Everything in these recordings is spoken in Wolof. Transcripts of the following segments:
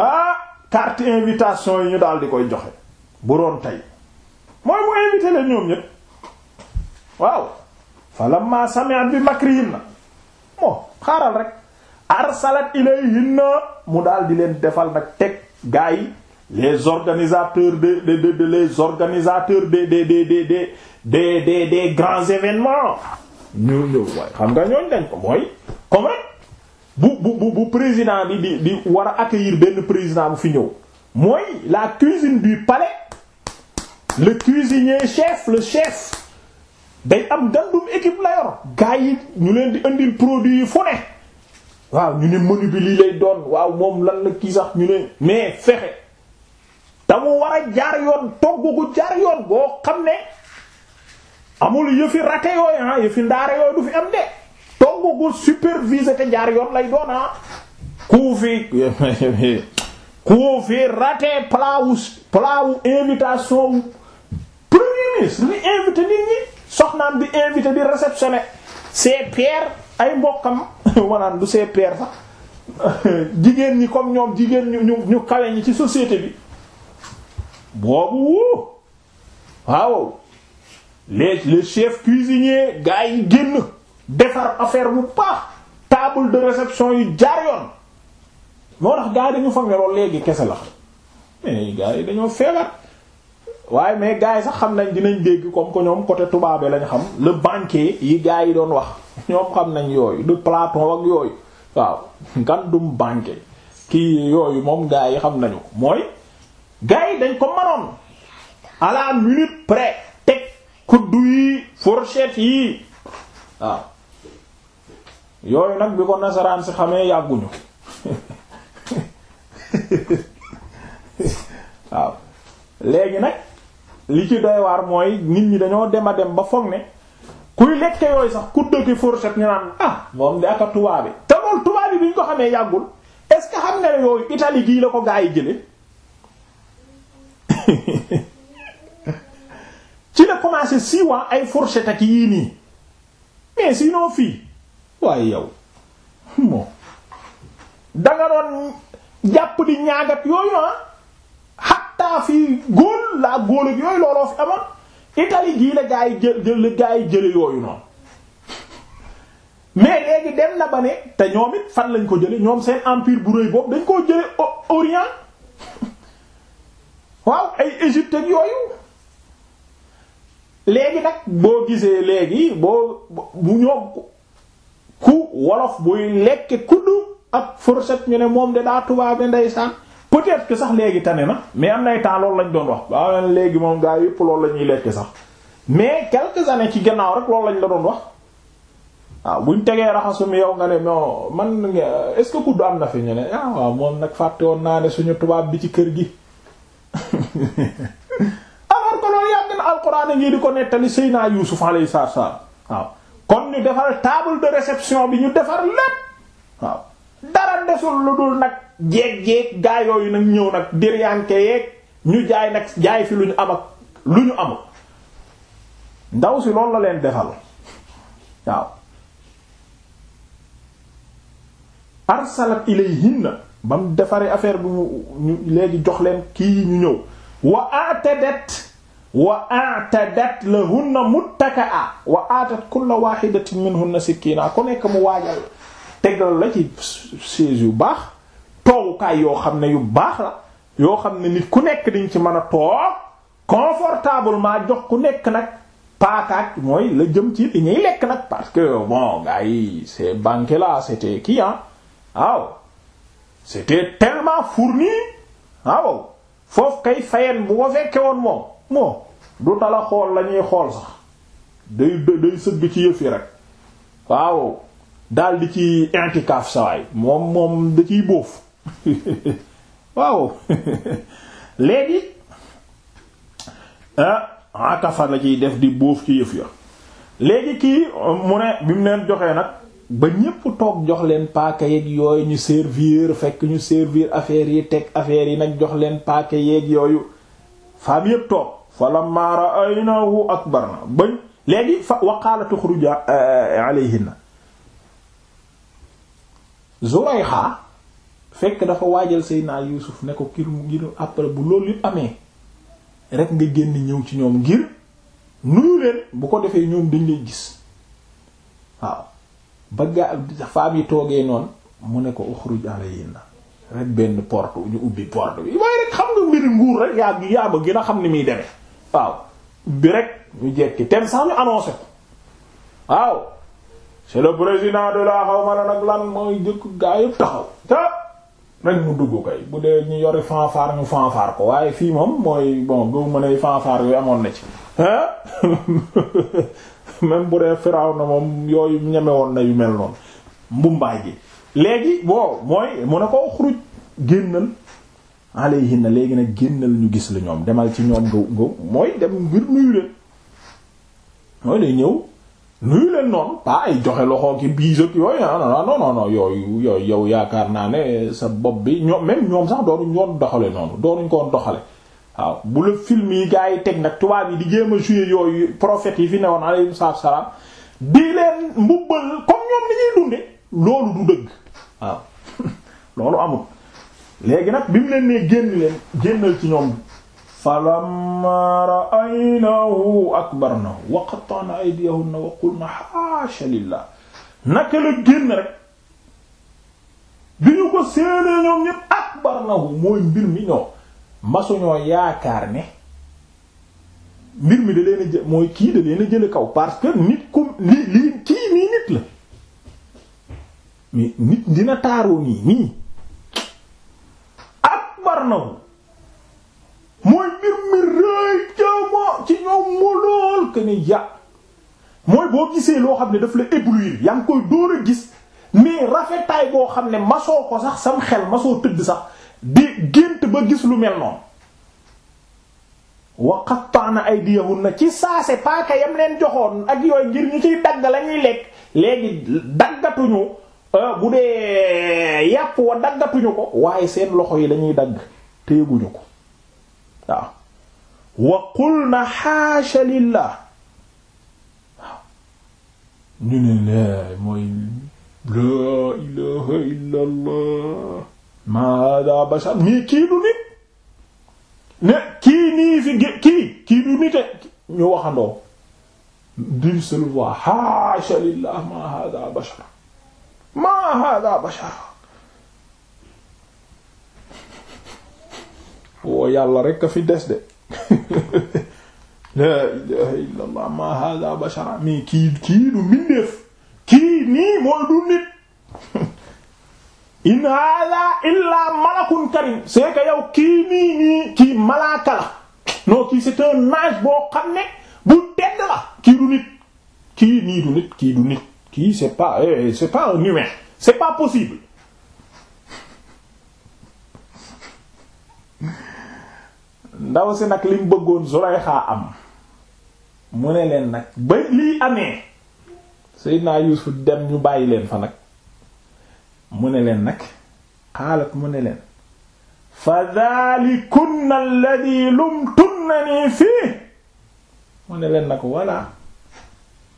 ah carte invitation yi ñu daal di koy joxe bu doon tey mooy mu invité leen ñoom ñépp waaw falamma sami'at bi makrihinna moo xaaral rek arsalat ilayhinna mu daal di leen defal nag teg gaa yi les organisateurs de de de, de les organisateurs des des des des des des des des grands événements ñu ñëw waaye xam nga ñooñ dañ ko mooy comme bu bu bu président bi di di war a accueillir benn président bu fi ñëw mooy la cuisine du palais le cuisinier chef le chef day am gandum équipe la yor gars yi ñu leen di indil produit yi fu waaw ñu ne menu bi lii lay doon waaw moom lan la kii sax ñu ne mais fexe te mu war a jaar yoon togg gu jaar yoon boo xam ne amul yëfi raté yooyu ah yëfi ndaare yooyu du fi am de. dong gu supervisé te jaar yoon lay doona ah. ku fi ku fi wu invitation wu premier ministre li invité nit ñi soxnaam invité di réceptionné ses pairs ay mbokkam wanaan du ses pairs sax jigéen ñi comme ñoom jigéen ñu ñu ñu kawe ñi ci société bi boobu wuu waaw les les chefs cuisiniers gars yi génn defar affaire bu baax table de réception yu jaar yoon moo tax gars yi dañu foog ne léegi kese la mais gars yi dañoo feebar waaye mais gars yi sax xam nañ dinañ dégg comme que ñoom côté tubaabe lañ xam le banquier yi gars yi doon wax ñoom xam nañ yooyu du Platon ak yooyu waaw ngandum banquet kii yooyu moom gars yi xam nañu ko mooy gars yi dañ ko manoon à la minute près teg kuddu yi fourchette yi waaw yooyu nag bi ko nasaraan si xamee yàgguñu waaw léegi nag li ci doy waar mooy nit ñi dañoo dem a dem ba foog ne kuy lekke yooyu sax ku dëkki fourchette ñu naan ah moom di aka tubaabi te loolu tubaabi bi ñu ko xamee yàggul est-ce que xam nga ne yooyu Italie gii la ko gaa yi jële ci la commencé siiwaa ay fourchette ak yii nii mais sinon fii waaye yow moom danga doon jàpp di ñaagat yooyu ah xatta fii góol laa góol ak yooyu looloo fi amoon Italie gii la gaa yi jël gaa yi jële yooyu noonu mais léegi dem na ba ne te ñoom it fan lañ ko jële ñoom seen empire bu rëy boobu dañ koo jële Orient waaw ay Égypte yooyu léegi nag boo gisee léegi boo bu ñoom ku wolof buy lekk kudd ak fourchette ñu ne moom de daa tubaabe ndeysaan peut-être sax léegi tane na mais am nay temps loolu lañ doon wax waaw léegi moom gaa yëpp loolu la ñuy lekk sax mais quelque années ci gannaaw rek loolu lañ la doon wax waaw buñ tegee raxasu mi yow nga ne non man est-ce que am na fi ñu ne ah waaw moom nag fàtte woon naa ne suñu tubaab bi ci kër gi alors que loolu yàgg na alxuraan ngi di ko nettali Seydina Yuusuf alayhi salaam waaw. kon ñu defal table de réception bi ñu defar lépp waaw dara desul lu dul nag jeeg-jeeg gaa yooyu nag ñëw nag diryanke yeeg ñu jaay nag jaay fi lu ñu am ak lu ñu amul ndaw si loolu la leen defal waaw arsalat ilayhinna ba mu defaree affaire bi mu ñu léegi jox leen kii ñu ñëw wa atadat waa la wa a'tadat lahunna muttaka'a wa atat kulla wahidatin minhunna sikkina ku nekk mu waajal tegal la ci chaise yu baax toogukaay yoo xam ne yu baax la yoo xam ne nit ku nekk diñ ci mën a toog confortablement jox ku nekk nag paakaak mooy la jëm ci li ñuy lekk nag parce que bon gars yi banque banques là c'était qui ah waaw c'était tellement fourni waaw foofu kay fayeen bu ko fekke woon moom moo du tala xool la ñuy xool sax day day sëgg ci yëf yi rek waaw daldi di ci intikaaf sawaay moom moom da ciy bóof waaw léegi ah, akafa la ciy def di bóof ci yëf ya léegi kii mu ne bi mu leen joxe nag ba ñépp toog jox leen paaka yeeg yooyu ñu servir fekk ñu servir affaire yi teg affaire yi nag jox leen paaka yeeg yooyu faam yépp toog fa lamma ra'aynahu akbarna bañ léegi fa wa qaalat uxruj eh, eh, alayhinna Zurayha fekk dafa waajal Seydina Yuusuf ne ko kir mu ngir après bu loolu yu amee rek nga génn ñëw ci ñoom ngir nuyu leen bu ko defee ñoom dañ lay gis waaw ba gaa faam yi toogee noonu mu ne ko uxruj alayhinna rek benn porte ñu ubbi porte bi waaye rek xam nga mbiri nguur rek yaa yaa ba gën a xam ni muy demee waaw bi rek ñu jekki tem sax ñu annoncé ko waaw c'est le de la xaw ma la nag lan mooy jëkk gaa yëpp taxaw ta rek mu dugg kay bu dee ñu yori fanfar ñu fanfar ko waaye fii moom mooy bon gëw mën ay yooyu amoon na ci même bu dee firaw na moom yooyu ñeme woon na yu mel noonu mbumbaay gi léegi bon mooy mu ne ko xuruj génnal alayhinna léegi nag génnal ñu gis la ñoom demal ci ñoom nga nga mooy dem ngir nuyu leen mooy day ñëw nuyu leen noonu pas joxe loxoo ki biis ak yooyu ah, yooyu yaakaar naa ne sa bopp bi ñoom même ñoom sax doonuñ woon doxale noonu doonuñ ko woon doxale waaw bu yi teg nag tubaab yi di jéem a yooyu prophètes yi fi newoon alayhim salaam ñoom ni loolu du dëgg waaw loolu amul léegi nag bi mu leen nee génn leen génnal ci ñoom falamma ra'aynahu akbarnahu wa qatta'na aydiyahunna wa qulna haasha lillah naka la génn rek bi ñu ko séenee ñoom ñépp akbarnahu mooy mbir mi ñoo masuñoo yaakaar ne mbir mi da leen jë mooy kii da leen a kaw parce que nit ku li lii kii nii nit la nit dina taaroo nii nii noonu mooy mbir mi rëy jamo ci ñoom mu lool que ni ya mooy boo gisee loo xam ne daf la éblouir yaa ngi koy dóor a gis mais rafetaay boo xam ne masoo ko sax sam xel masoo tëdd sax di gént ba gis lu mel noonu wa qatta'na aydiyahunna ci saase paaka yam leen joxoon ak yooyu ngir ñu ciy dagg lañuy lekk léegi daggatuñu euh, bu dee yàpp wa daggatuñu ko waaye seen loxo yi lañuy dagg te yëguñu ko waaw wa qulna xaasha lillah waaw ñu ne la mooy laa ilaha illa allah ma hada bashar mii kii du nit ne kii nii fi kii kii du nite ñu waxandoo d'une seule voix xaasha lillah ma hada bashar ma hada bashar woo yàlla rek a fi des de la ilaha illa allah ma hada bashara mii kii du mbindeef kii nii mooy du nit in hada illa malakun karim c'est que yow kii nii nii kii malaaka la kii c'est un ange boo xam ne bu tedd kii du nit kii nii du nit kii du nit kii c'est pas eh, eh, c'est pas un humain c'est pas possible ndaw si nag liñ bëggoon Zulayxa am mu ne leen nag ba lii amee Seydina Yuusuf dem ñu bàyyi leen fa nag mu ne leen nag xaalat mu ne leen fa dhalikunna alladhi lumtunnani fii mu ne leen nag voilà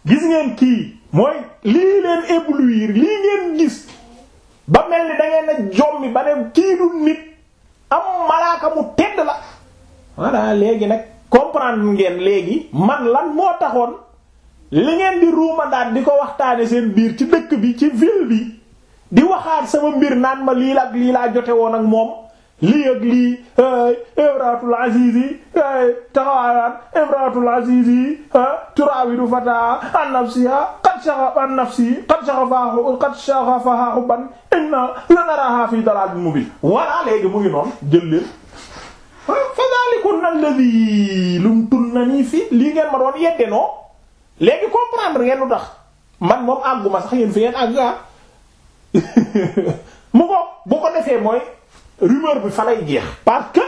gis ngeen kii mooy lii leen éblouir lii ngeen gis ba mel ni da ngeen jommi ba ne kii du nit am malaaka mu tedd la voilà léegi nag comprendre ngeen léegi man lan moo taxoon li ngeen di ruumandaat di ko waxtaane seen biir ci dëkk bi ci ville bi di waxaat sama mbir naan ma lii la ak jote woon ak moom lii ak lii eh, imratul aziz yi eh, taxawaan imratul aziz yi eh, turawidu fata an nafsiha qad shaghafa an nafsi qad shaghafaha qad shaghafaha hubban inna lanaraha fi dalalin mubin voilà léegi mu ngi noonu jël leen fa dalikun na lumtunnani fi lii ngeen ma doon yedde noo léegi comprendre ngeen lu tax man moom àgguma sax yéen fi ngeen àgg ah mu ko bu ko defee mooy rumeur bi fa lay jeex parce que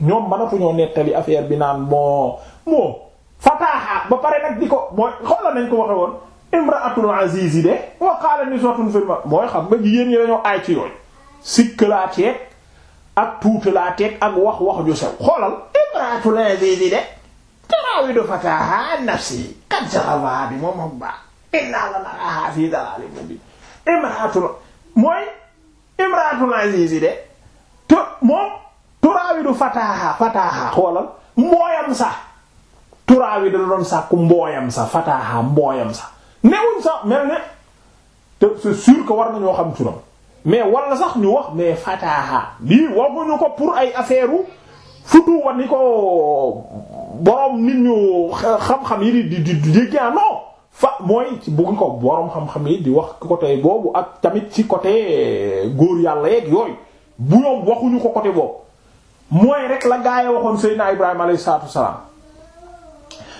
ñoom mënatuñoo nettali affaire bi naan moo moo fataaxa ba pare nag di ko mooy xoola nañ ko waxe woon imraatul aziz yi de wa qaala niswatun fil ma mooy xam nga jigéen ñi dañoo aay ci yooyu sikkalaateeg ak tuuti laa teg ak wax wax ju sew xoolal imratul aziz de taraawidu fataha nafsi qad jarabaha bi moom ak baax inna la naraha fi dalalin mubin imratul mooy imratul aziz de te moom turaawidu fataha fataha xoolal mbooyam sax turaawidu la doon sàkku mbooyam sax fataha mbooyam sax newuñ sax mel ne te c'est sûr que war nañoo xam turam mais wala sax ñu wax mais fataaha lii waxuñu ko pour ay affaire u futu ni ko boroom nit ñu xam-xam yi di di di dégga ah, non fa mooy ci bëgg ko boroom xam-xam yi di wax côté boobu ak tamit ci côté euh, góor yàlla yeeg yooyu bu ñoom waxuñu ko côté boobu mooy rek la gaa yi waxoon Seydina Ibrahima alayhi salaatu wa salaam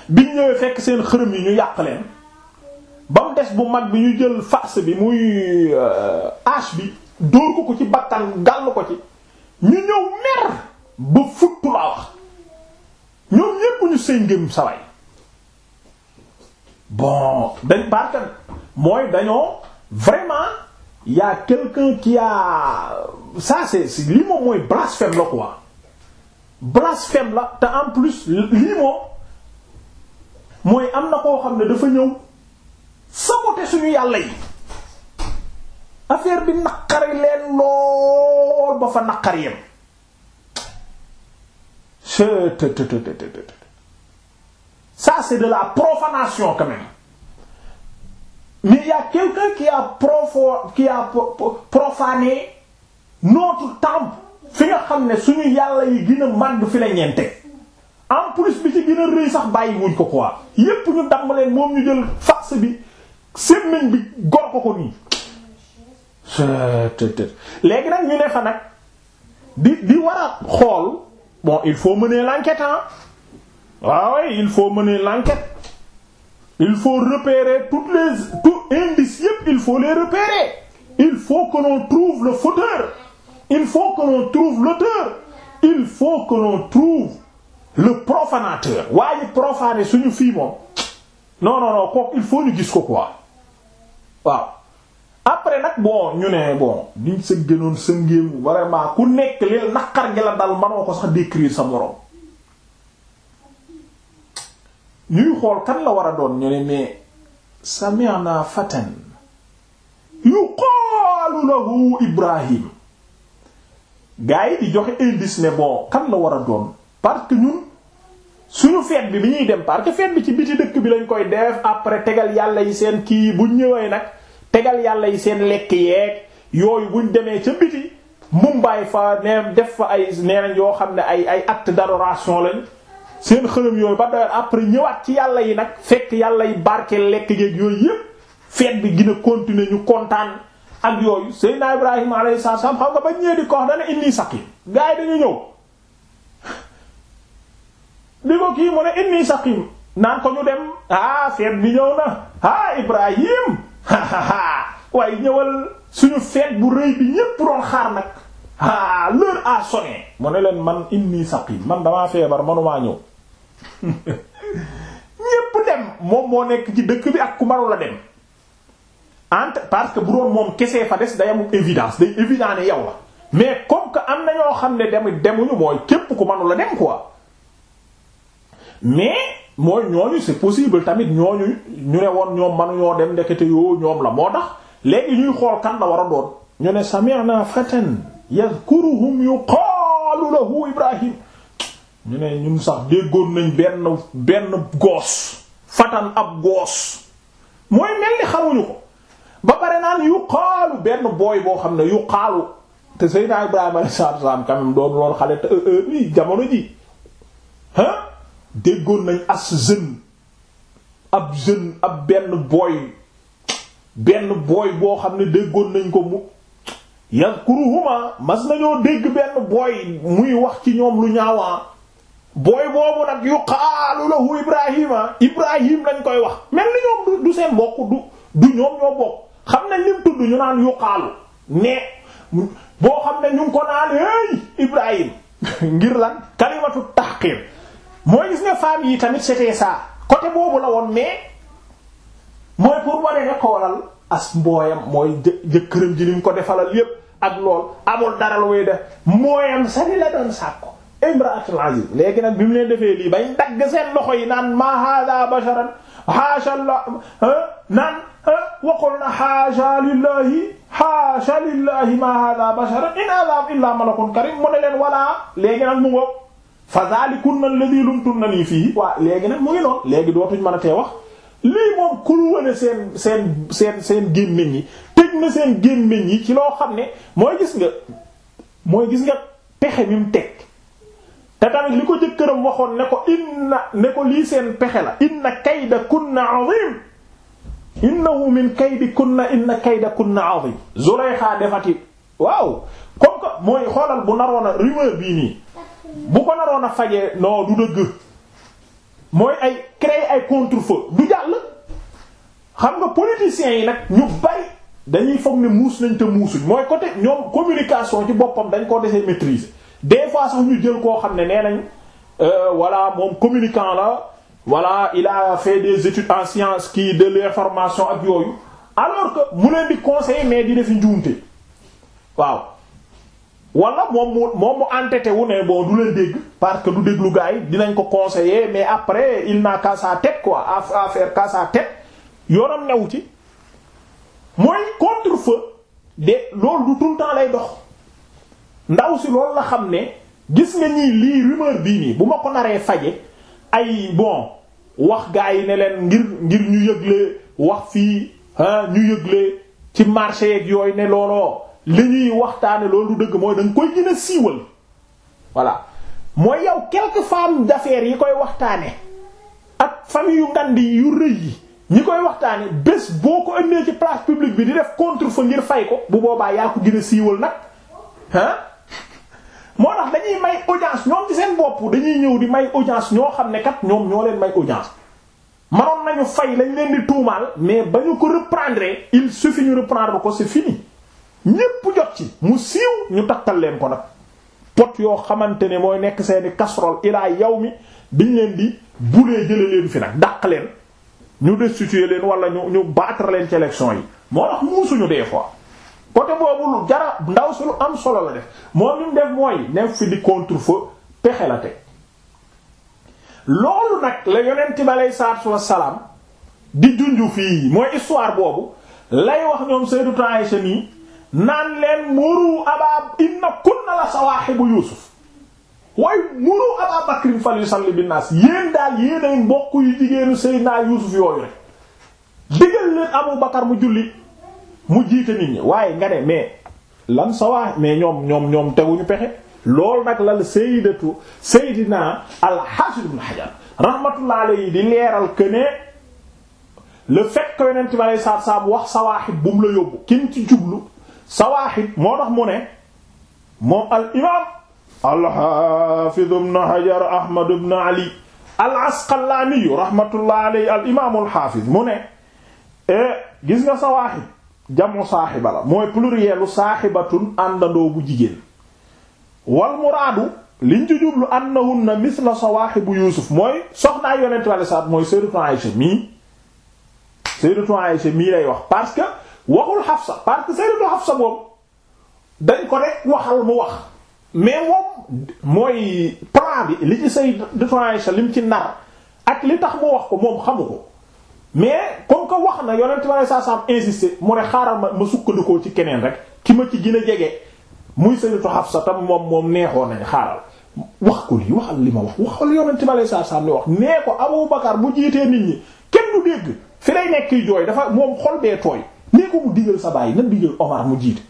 biñ ñëwee fekk seen xërëm yi ñu yàq leen ba mu des bu mag bi ñu jël farce bi muy euh, hache bi dóor ko ko ci bakkan gàll ko ci ñu ñëw mer ba futtu laa wax ñoom ñépp ñu sëy ngém saway bon dañ parten mooy dañoo vraiment y a quelqu'un qui a ça c'est lii moom mooy blasphème la quoi blasphème la te en plus lii moom mooy am na koo xam ne dafa ñëw saboter suñu yàlla yi affaire bi naqari leen lool ba fa naqari yem ça c'est de la profanation quand même mais il y a quelqu'un qui profo qui a profané notre temple fi nga xam ne suñu yàlla yi gën a màgg fi la ñeente en plus bi ci gën a rëy sax bàyyi wuñ ko quoi yépp ñu damm leen moom ñu jël farce bi sémmiñ bi gor ko ko nii léegi nag ñu ne fa nag di di war a xool bon il faut mener l'enquête ah waaw il faut mener l'enquête il faut repérer toutes les tous indices yépp il faut les repérer il faut que l'on trouve le il faut que l'on trouve l'auteur il faut que l'on trouve le profanateur waaye profané suñu fii moom non non non kooku il faut ñu gis ko quoi waaw après nag bon ñu ne bon niñ sa gënoon sa ngéem vraiment ku nekk leel naqar gi la dal manoo ko sax décrire sa moroom ñuy xool kan la war a doon ñu ne mais sami'na fatan yuqaalu lahu ibrahim gaa yi di joxe indice ne bon kan la war a doon parce que ñun suñu fête bi bi ñuy dem parce que fête bi ci biti dëkk bi lañ koy def après tegal yàlla yi seen kii bu ñëwee nag tegal yàlla yi seen lekk yeeg yooyu buñ demee ca biti Mumbai fa ne def fa ay nee yoo xam ne ay ay acte d'adoration lañ seen xërëm yooyu ba doon après ñëwaat ci yàlla yi nag fekk yàlla yi barkeel lekk geeg yooyu yépp feet bi gën a continuer ñu kontaan ak yooyu Seydina Ibrahima alayhi salaam xam nga ba ñëwee di ko wax dana inni saqim gars dañu ñëw bi ko kii mu ne inni saqim naan ko ñu dem ah feet bi ñëw na ah Ibrahim waaye ñëwal suñu feet bu rëy bi ñépp doon xaar nag ah l'heure a sonné mu ne leen man inni saqim man damaa feebar manumaa ñëw ñépp dem moom moo nekk ci dëkk bi ak ku manu la dem entre parce que bu doon moom kese fa des day am évidence day évident ne yow la mais comme que am na ñoo xam ne dem demuñu mooy képp ku manu la dem quoi mais mooy ñooñu c'est possible tamit ñooñu ñu ne woon ñoom manuñoo dem ndekete yoo ñoom la moo tax léegi ñuy xool kan la war a doon ñu ne sami'na fatan yadhkuruhum yuqaalu lahu ibrahim ñu ne ñun sax déggoon nañ benn benn goos fatan ab goos mooy mel ni xamuñu ko ba pare naan yuqaalu benn booy boo xam ne yu xaalu te Seydina Ibrahima alayhi salaam quand même doon loolu xale te euh, euh, jamono ji ah déggoon nañ as jeune ab jeune ab benn booy benn booy boo xam ne déggoon nañ ko mu yadkuruhuma mas nañoo dégg benn booy muy wax ci ñoom lu ñaawa booy boobu nag yuqaalu lahu ibrahima ibrahim lañ koy wax mel ni ñoom du seen bokk du du ñoom ñoo bokk xam nañ lim tudd ñu naan yuqaalu ne boo xam ne ñu ko naan hey ibrahim ngir lan kalimatu tahqir mooy gis nga femmes yi tamit c'était ça côté boobu la woon mais mooy pour wane ne xoolal as mbooyam mooy jëkkëram ji lim ko defalal yépp ak lool amul dara lu muy def mooyam sani la doon sàkko imraatul aziz léegi nag bi mu leen defee lii bañ dagg seen loxo yi naan ma hada basharan haasha la naan waqul na haasha lillahi haasha lillahi ma hada basharan in azab illa malakun karim mu ne leen wala léegi nag mu ngoog fa dhalikunna alladhi lumtunnani fii waaw léegi nag mu ngi léegi dootuñ mën a tee wax lii moom kurwane seen seen seen seen gémmiñ yi tëj na seen gémmiñ yi ci loo xam ne mooy gis nga mooy gis nga pexe mi mu teg te tamit li ko jëkkëram waxoon ne ko inna ne ko lii seen pexe la inna kaydakunna azim innahu min kaydikunna inna kaydakunna azim Zulaykha defati waaw comme que mooy xoolal bu naroon a bii nii bu ko naroon a fajee non du dëgg mooy ay créer ay contre-feu du jàll xam nga politiciens yi nag ñu bari dañuy foog ne muus nañ te muusuñ mooy côté ñoom communication ci boppam dañ koo desee maîtriser des fois sax ñu jël koo xam ne nee nañ euh, voilà moom communicant la voilà il a fait des études en sciences qui de l'information ak yooyu alors que mu leen di conseiller mais di def njuumte waaw wala moom mu moom mu entêté wu ne bon du leen dégg parce que du déglu gars yi dinañ ko conseiller mais après il n'a qu'à sa tête quoi à faire qu'à sa tête yoonam new ci mooy contre-feu de loolu du tout le temps lay dox ndaw si loolu la xam ne gis nga nii lii rumeur bii nii bu ma ko naree faje ay bon wax gars yi ne leen ngir ngir ñu yëgle wax fii ñu yëgle ci marché yeeg yooyu ne looloo li ñuy waxtaane loolu dëgg mooy da nga koy gën a siiwal voilà mooy yow quelques femmes d'affaires yi koy waxtaane ak famille yu ngandi yu rëy yi ñi koy waxtaane bés boo ko ëndee ci place publique bi di def contre fa ngir fay ko bu boobaa yaa ko gën a siiwal nag ah moo tax dañuy may audience ñoom ci seen bopp dañuy ñëw di may audience ñoo xam ne kat ñoom ñoo leen may audience manoon nañu fay lañ leen di tuumaal mais ba ñu ko reprendre il suffit ñu reprendre ko c'est ñépp jot ci mu siiw ñu takkal leen ko nag pot yoo xamante ne mooy nekk seeni casserole ilaa yow mi biñ leen di bulee jële leen fi nag dàq leen ñu destituer leen wala ñu ñu battre leen ci élection yi moo tax muusuñu des fois côté boobu lu jara ndaw si lu am solo la def moom ñu def mooy nem fi di contre feu pexe la teg loolu nag la yonent bi aleyhi salaatu salaam di junju fii mooy histoire boobu lay wax ñoom Sayyidatu Aïcha nii naan leen muru aba inna kunna la sawaahibu Yuusuf waaye muru Abaa Bakrin fal yusalli binnaas yéen daal yéenay mbokk yu jigéenu Seydina Yuusuf yooyu rek digal leen Abu Bakar mu julli mu jiite nit ñi waaye nga ne mais lan sawaa mais ñoom ñoom ñoom teguñu pexe loolu nag la Sayyidatu Seydina al-Hafiz Ibn Hajar rahmatullahi alayhi di leeral que ne le fait que Yonent bi alayhi wax sawaahib bu mu la yóbbu kin ci jublu. sawaaxib moo tax mu ne moom al imaam al-Haafiz ibn Hajar Ahmad ibn Ali al-Asqalaani rahmatullahi alayhi al imaam al-Haafiz mu ne eh, gis nga sawaaxib jamu saaxiba la mooy plurielu saaxibatun àndandoo bu jigéen wal muraadu liñ ci jublu mithla sawaaxibu Yuusuf mooy soxnaa yonent bi alayhi salaam mooy sayyidatu Aïsha mii wax parce waxul Hafsa parce que Sayyidatu Hafsa moom dañ ko rek waxal mu wax mais moom mooy plan li ci Sayyidatu Aisha lim ci nar ak li tax mu wax ko moom xamu ko mais comme que wax na yonent bi saa saa am insister mu ne ma ma ci keneen rek ki ma ci gën a jege muy Sayyidatu Hafsa tam moom moom neexoon nañ xaaral. wax ko lii waxal li ma wax waxal yonent bi saa saa wax nee ko Abubakar mu jiitee nit ñi kenn du dégg fi lay nekk jooy dafa moom xol bee tooy. nee ko mu digal sa baay Omar mu jiite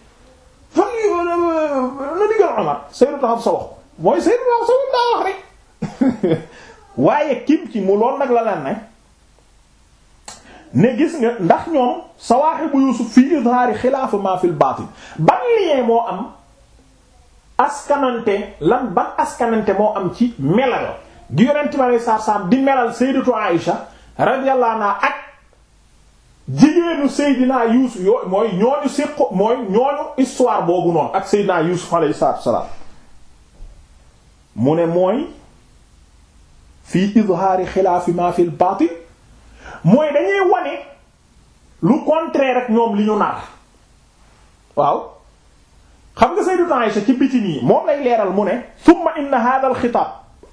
fan na digal Omar Seydou Taxaw sa wax mooy Seydou Taxaw sa wax daa wax rek waaye kim ci mu lool nag la lan ne ne gis nga ndax ñoom sawaahibu Yuusuf fii izhaari xilaafu maa fil baatin ban lien moo am askanante lan ban askanante moo am ci melal di yonent bi alayhi salaam di melal Sayyidatu Aïsha radiyallahu ak jigéenu Seydina Yuusuf yooyu mooy ñooñu siqu mooy ñooñu histoire boobu noonu ak Seydina Yuusuf alayhi salaatu wassalaam mu ne mooy fii izhaari xilaafi ma fil baatil mooy dañuy wane lu contraire ak ñoom li ñu nar waaw xam nga Sayyidatu Aisha ci biti yi moom lay leeral mu ne summa inna haadha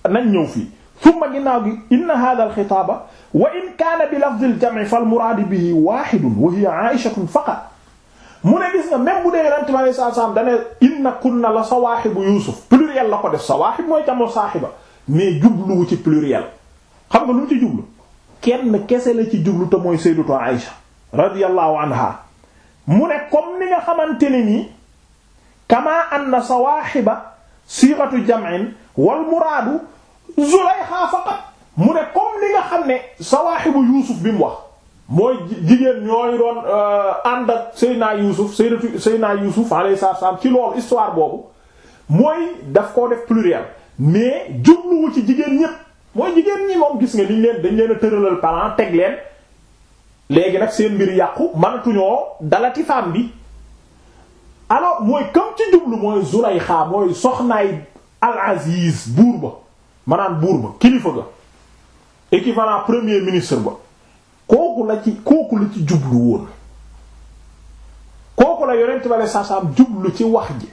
al nañ ñëw fii summa ginnaaw gi inna hadha alxitaaba wa in kaana bi lafdi aljamci fa almuraadu bihi waxidun wa hiya aichatun faqat mu ne gis nga même bu dee yonente bi alei satu salaam dane inna kunna la sawaaxibu yuusuf pluriel la ko def sawaaxib mooy jamoo saaxiba mais jubluwu ci pluriel xam nga lu mu ci jublu kenn kese la ci jublu te mooy sayyidatu Aïsha radiyallahu anha mu ne comme ni nga xamante ne nii kama anna sawaaxiba sighatu jam'in wal muraadu Zulayxa faqat mu ne comme li nga xam ne sawaaxibu Yuusuf bi mu wax mooy jigéen ñooy doon euh, ànd ak Seydina Yuusuf Seydina Seydina Yuusuf alayhi salaam ci loolu histoire boobu mooy daf koo def pluriel mais jubluwu ci jigéen ñépp mooy jigéen ñi moom gis nga liñ leen dañ leen a tëralal parent teg leen léegi nag seen mbir yàqu mënatuñoo dalati femme bi alors mooy comme ci jublu mooy Zulayxa mooy soxnaay Al Aziz buur ba manaan buur ba kilifa ga équivalent premier ministre ba kooku la ci kooku la ci jublu woon kooku la yonent bale saasaam jublu ci wax ji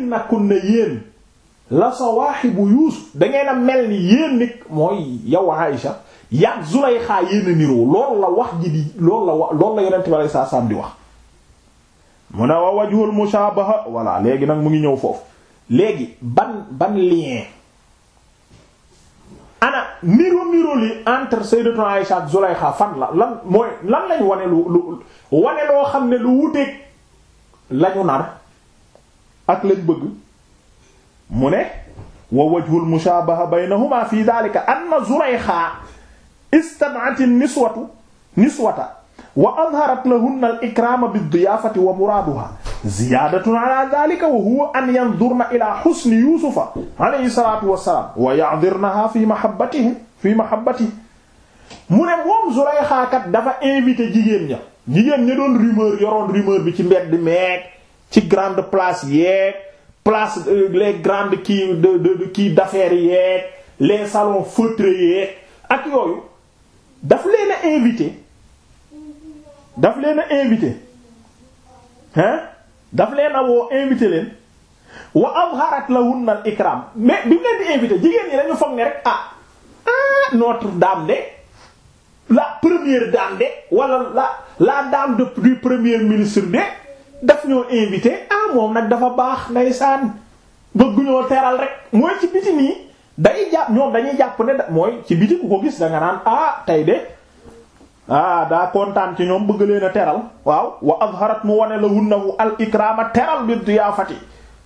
na yéen la bu yuusuf dangeen a mel ni yéen nit mooy yow Aïcha yàgg Zulayxa yéen a niroo loolu la wax ji di loolu la wa loolu la yonent bale saasaam di wax mu ne wa wajhul mushaabaha voilà léegi nag mu ngi ñëw foofu léegi ban ban lien ana niro niro li entre Sayyidatu Aisha ak fan la lan mooy lan lañ wane lu lu wane loo xam ne lu wuteeg lañu nar ak lañ bëgg mu ne wa wajhul mushabaha baynahuma fi dhalika anna Zulaykha istad'at niswatu niswata wa adharat lahunna al-ikrama bid-diyafati wa muraduha ziyaadatun ala dhalika wa huwa an yanzurna ila husni yusufa alayhi salatu wassalam wa ya'dirnaha fi mahabbatihi fi mahabbatihi mu ne moom Zulaykha dafa invité jigéen ña jigéen ña doon rumeur yoroon rumeur bi ci mbedd meeg ci grande place yeeg place euh, les grandes kii de de kii d'affaires yeeg les salons feutrés yeeg ak yooyu daf leen a daf leen a invité daf leen a woo invité leen wa azharat lahunna al ikram mais bi mu leen di invité jigéen ñi dañu foog ne rek ah ah notre dame de la première dame de wala la la dame de du premier ministre de daf ñoo invité ah moom nag dafa baax ndeysaan bëgguñoo teral rek mooy ci biti nii day jàpp ñoom dañuy jàpp ne da mooy ci biti ku ko gis da naan ah tey de. ah daa kontaan ci ñoom bëgg leen a teral waaw wa azharat mu wane la hunnahu al ikrama teral bi diyaafati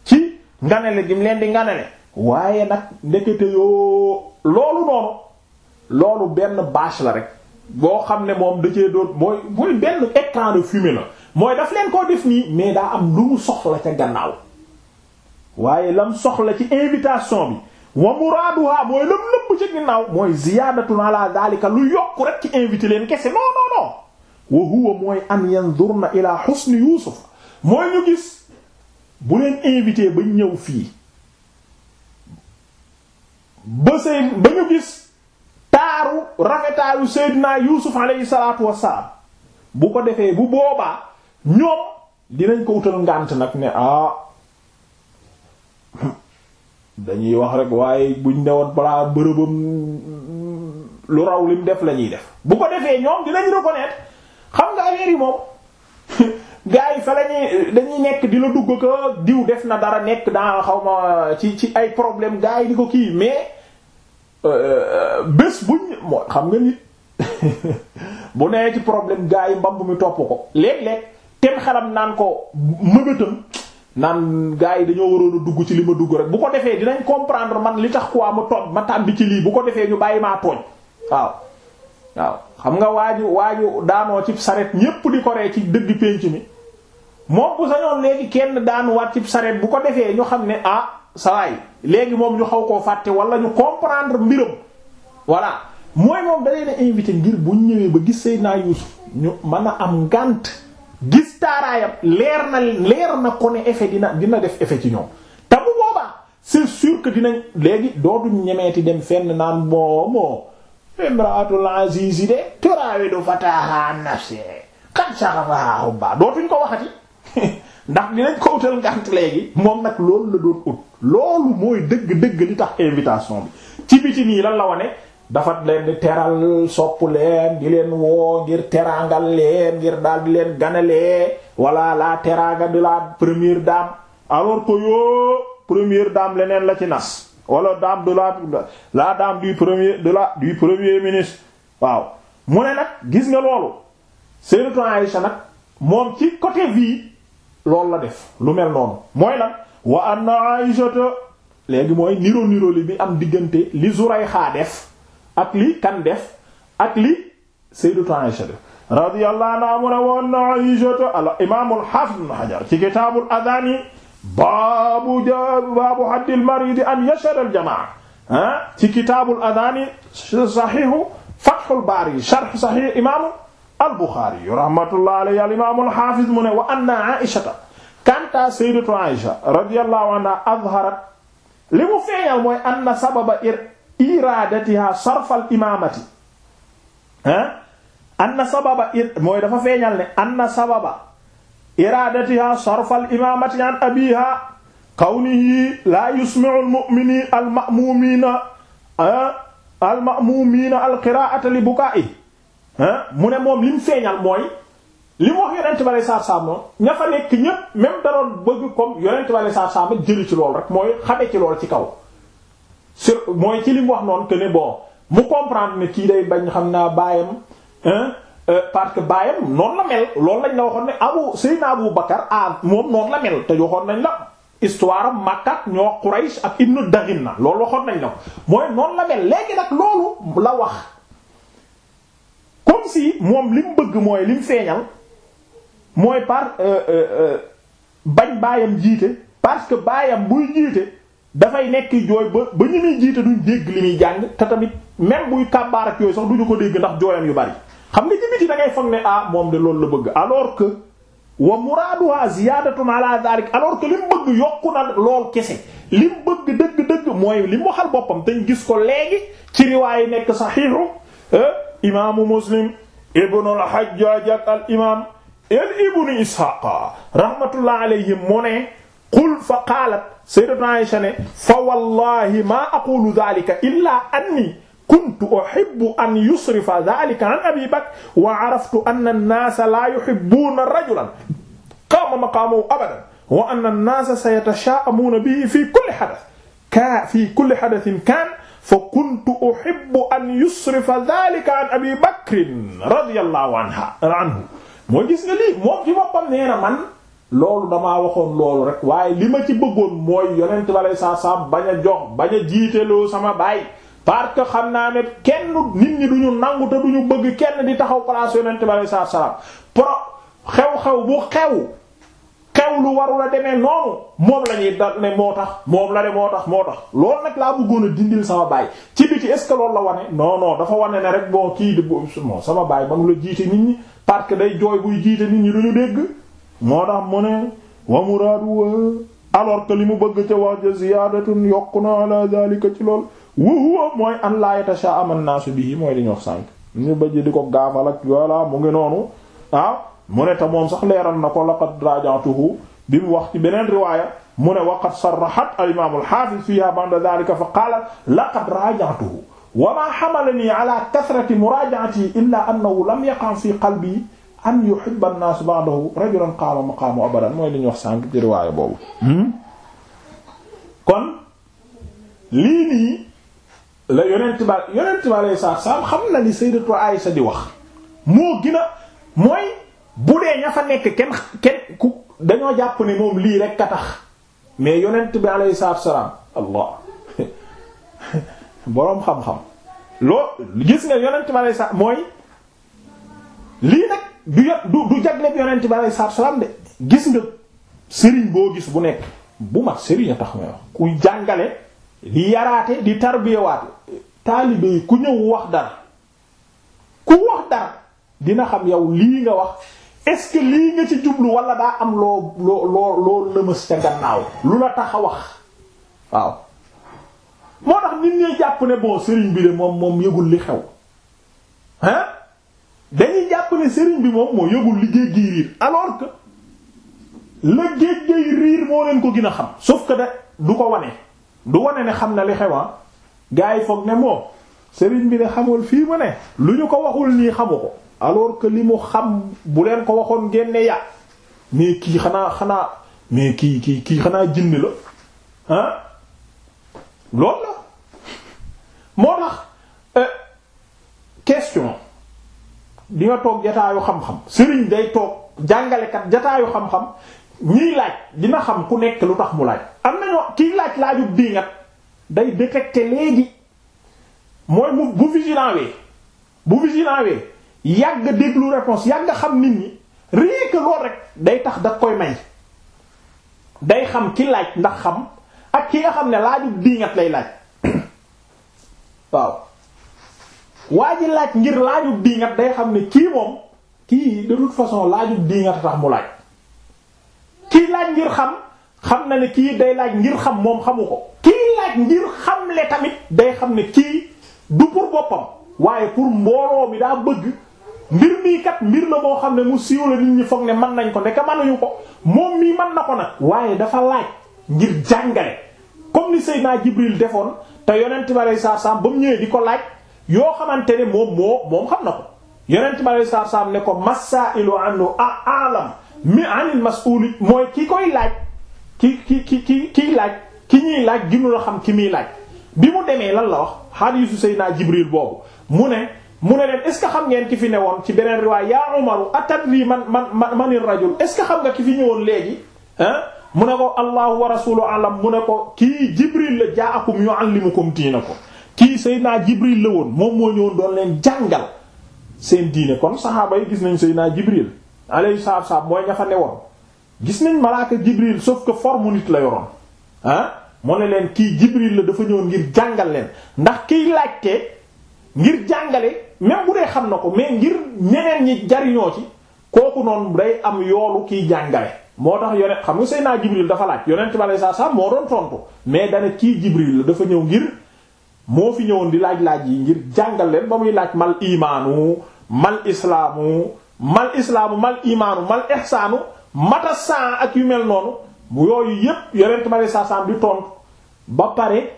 ci nganele gi mu leen di nganele waaye nag ndekete yoo loolu noonu loolu benn bâche la rek boo xam ne moom da cee doon mooy mooy benn écran de fumée la mooy daf leen koo def nii mais daa am lu mu soxla ca gannaaw waaye lam soxla ci invitation bi wa muraaduha mooy lëm lëpp ci ginnaaw mooy ziyaadatun ala daalika lu yokk rek ci invité leen kese non non non wa huwa mooy an yanzurna ila xusni yuusuf mooy ñu gis bu leen invité ba ñëw fii ba seen ba ñu gis taaru rafetaayu seydinaa yuusuf alayhi salaatu wassalaam bu ko defee bu boobaa ñoom dinañ ko wutal ngànt nag ne ah dañuy wax rek waaye buñ newoon balaa bërëbam lu raw lim def la def bu ko defee ñoom dinañ reconnaître xam nga affaire yi moom gars yi fa lañuy nekk dina dugg ko diw def na dara nekk dans xaw ma ci ci ay problème gars yi ko kii mais euh, euh, bés buñ moo xam nga nit bu nee ci problème gars yi mbamb mi topp ko léeg-léeg tem xelam naan ko mëgëtam naan gars yi dañoo waroon dugg ci li ma dugg rek bu ko defee dinañ comprendre man li tax quoi ma toog ma tàmbi ci lii bu ko defee ñu bàyyi maa tooñ waaw waaw xam nga waaju waaju daanoo cib saret ñépp di ko ci dëgg pénc mi moom bu sañoon léegi kenn daanuwaat ci saret bu ko defee ñu xam ne ah sawaay léegi moom ñu xaw koo fàtte wala ñu comprendre mbiram voilà mooy moom da leen invité ngir buñ ñëwee ba gis naa Yuusuf ñu mën a am ngànt gis taaraayam leer na leer na ko ne effet dina dina def effet ci ñoom te bu boobaa c'est sûr que dinañ léegi dootuñ ñemeeti dem fenn naan moo moo imraatul azizi de turaawidu fataha nafsi qad shaghafaha hubba dootuñ ko waxati ndax dinañ ko utal ngànt léegi moom nag loolu la doon ut loolu mooy dëgg-dëgg li tax invitation bi ci biti nii lan la wone dafa leen di teral sopp leen di leen woo ngir teraangal leen ngir daal di leen ganalee walla la teraanga de la première dame alors que yoo première dame leneen la ci nas walla dame de la la dame du de la du premier ministre waaw mu ne nag gis nga loolu Sayyidatu Aïcha nag moom ci côté vie loolu la def lu mel noonu mooy lan wa anna Aïcha léegi mooy niro niro li bi am diggante li Zurayxa def ak li kan def ak li sayyidatu Aisha def radiyallahu anha mu ne woon na Aisha al imaam al hafiz ibn Hajar ci kitaabul adaan yi baabu baabu haddil mariid an yashhada al jamaa ah ci kitaabul adaan yi sahihu fathul baari sharh sahih imaam al Buxaari rahmatullahi alayhi al imaam al hafiz mu ne wa anna Aisha kanta sayyidatu Aisha radiyallahu anha azharat li mu feeñal mooy anna sababa ir iradatiha sarfal imaamati ah anna mooy dafa feeñal ne anna sababa iradatiha sarfal imaamati an abiha kawnihi la yusmi'u al-mu'mini al-ma'mumina al-ma'mumina al-qira'ata li buka'i mu ne moom lim feeñal mooy li mu wax yonent bale saar saam noonu nekk ñépp même da doon bëgg comme yonent bale jëli ci lool rek mooy xame ci lool ci kaw sur mooy ci li wax noon que ne bon mu comprendre ne kii day bañ xam naa baayam euh, parce que baayam noonu la mel loolu lañ la waxoon ne abu Seydina Abu ah, nañ la histoire am Makka ñoo Quraysh ak Ibnu Daghina loolu waxoon nañ la mooy noonu la mel léegi nag loolu la wax comme si moom li mu bëgg mooy li feeñal mooy par euh, euh, bañ baayam jiite parce que baayam buy jiite. dafay nekk jooy ba ba ñu muy jiite duñ dégg li muy jàng te tamit même buy kàbbaar yooyu sax duñu ko dégg ndax jooyam yu bari xam nga jibiti da ngay foog ne ah moom de loolu la bëgg alors que wa muraaduha ziyadatun ala dhalik alors que li mu bëgg yokku na lool kese li mu bëgg dëgg-dëgg mooy li mu waxal boppam te ñu gis ko léegi ci riwaay nekk saxiixu eh, imaamu muslim ibnu al-Hajjaj ak ibnu ishaqa rahmatullah alayhi mu ne qul fa qaalat sayyidatuna Aisha ne fa wallahi ma aqulu dhalika illa anni kuntu uhibbu an yusrifa dhalika an abi bakr wa araftu anna an-nasa la yuhibbuna rajulan qaama maqaamahu abadan wa anna an-nasa sayatasha'amuna bihi fi kulli hadath ka fi kulli hadathin kana fa kuntu uhibbu an yusrifa dhalika an abi bakr radiyallahu anha anhu moo gis nga lii moom ci boppam nee na man loolu damaa waxoon loolu rek waaye li ma ci bëggoon mooy yonent bale saa saab bañ a jox bañ a jiiteloo sama baay parce que xam naa ne kenn nit ñi duñu nangu te duñu bëgg kenn di taxaw place yonent bale saa saa pro xew-xew bu xew xew lu warul a demee noonu moom la ñuy da ne moo tax moom la ne moo tax moo tax loolu nag laa bëggoon a dindil sama baay ci biti est loolu la wane non non dafa wane ne rek bon kii di bon sama baay ba mu la jiite nit ñi day jooy buy jiite nit ñi duñu dégg. moo tax mu ne wa muraadu alors que li mu bëgg ca wax ja ziyaadatun yokku na ala zalika ci lool wa huwa mooy an la yatasha'ama an-naasu bihi mooy li ñu wax sànk ñu bëgg di ko gaafal ak voilà mu ngi noonu ah mu ne te moom sax leeral na ko laqad rajaatuhu bi mu wax ci beneen riwaaya mu ne waqad sarrahat al-imaam al-haafiz fiihaa ba'da dhaalika fa qaala laqad rajaatuhu wa maa hamalanii ala kathrati muraaja'atihi illaa annahu lam yaqa' fii qalbii an yuhibba an-naas ba'dahu rajulan qaama maqaamu abadan mooy li ñu wax sànq ci riwaayu boobu hmm? kon lii nii la yonent ba yonent ba lay saar na li sayyidatu Aisha di wax moo gën a mooy bu dee ña fa nekk kenn kenn ku dañoo jàpp ne moom lii rek a tax mais yonent bi alayhi salaatu salaam boroom xam-xam loo gis nga yonent bi alayhi salaam mooy lii nag du du du jagleel yonent bi alayhi salaatu salaam de gis nga sëriñ boo gis bu nekk bu mat sëriñ a tax may wax kuy jàngale di yaraate di tarbiyewaate taalibe yi ku ñëw wax dara ku wax dara dina xam yow lii nga wax est-ce lii nga ci jublu wala daa am loo loo loo loo lëmës ca gannaaw lu la tax a wax waaw moo tax nit ñi jàpp ne bon sëriñ bi de moom moom yëgul li xew dañuy jàpp ne sëriñ bi moom moo yëgul li géej gi riir alors que la géej gi riir moo leen ko gin a xam sof que da du ko wane du wane ne xam na li xewa ah. gars yi foog ne moom sëriñ bi ne xamul fii mu ne lu ñu ko waxul nii xamu ko alors que li mu xam bu leen ko waxoon ngeen ne yàq mais kii xanaa xanaa mais kii kii kii xanaa jinne la ah loolu la moo tax euh, question di toog jataayu xam-xam sëriñ day toog jàngalekat jataayu xam-xam ñiy laaj dina xam ku nekk lu tax mu laaj am na nañoo kiy laaj laajub diingat day détecter léegi mooy mu bu vigilant wee bu vigilant yàgg déglu réponse yàgg xam nit ñi rien que loolu rek day tax daf koy may day xam ki laaj ndax xam ak ki nga xam ne laajub diingat lay laaj waaw waa ji laaj ngir laajub diingat day xam ne kii moom kii de toute façon laajub diingat tax mu laaj kii laaj ngir xam xam na ne kii day laaj ngir xam moom xamu ko kii laaj ngir xamle tamit day xam ne kii du pour boppam waaye pour mbooloo mi daa bëgg mbir mii kat mbir na boo xam ne mu siiw la nit ñi foog ne mën nañ ko ndeke mënuñu ko moom mii mën na ko nag waaye dafa laaj ngir jàngale comme ni Seydina Jibril defoon te yonent bi saa salaam ba mu ñëwee di ko laaj yoo xamante ne moom moo moom xam na ko yonent bi saa saam ne ko masailu anhu a'lam mi anil mas'ul mooy ki koy laaj ki ki ki ki kiy laaj ki ñuy laaj ginu la xam ki muy laaj bi mu demee lan la wax hadiisu Seydina Jibril boobu mu ne mu ne leen est-ce que xam ngeen ki fi ne woon ci beneen riwaay yaa Umaru atadri man man manir rajul est-ce que xam nga ki fi ñëwoon léegi mu ne ko allahu wa rasuluhu alam mu ne ko kii Jibril la ja'akum yu'allimukum diinakum kii Seydina Jibril la woon moom moo ñëwoon doon leen jàngal seen diine kon saxaaba yi gis nañ Seydina Jibril alayhi salaatu salaam mooy ña fa gis nañ malaaka Jibril sauf que forme nit la yoroon ah mu ne leen kii Jibril la dafa ñëwoon ngir jàngal leen ndax kiy laajte ngir jàngale même bu dee xam na ko mais ngir ñeneen ñi jariñoo ci kooku noonu day am yoolu kiy jàngale moo tax yonent xam nga Seydina Jibril dafa laaj yonent bi alayhi salaatu salaam moo doon tontu mais dana kii Jibril la dafa ñëw ngir moo fi ñëwoon di laaj-laaj yi ngir jàngal leen ba muy laaj mal imaanu mal islaamu mal islaamu mal imaanu mal ihsaanu mata ak yu mel noonu bu yooyu yépp yorent ma saa san di tontu ba pare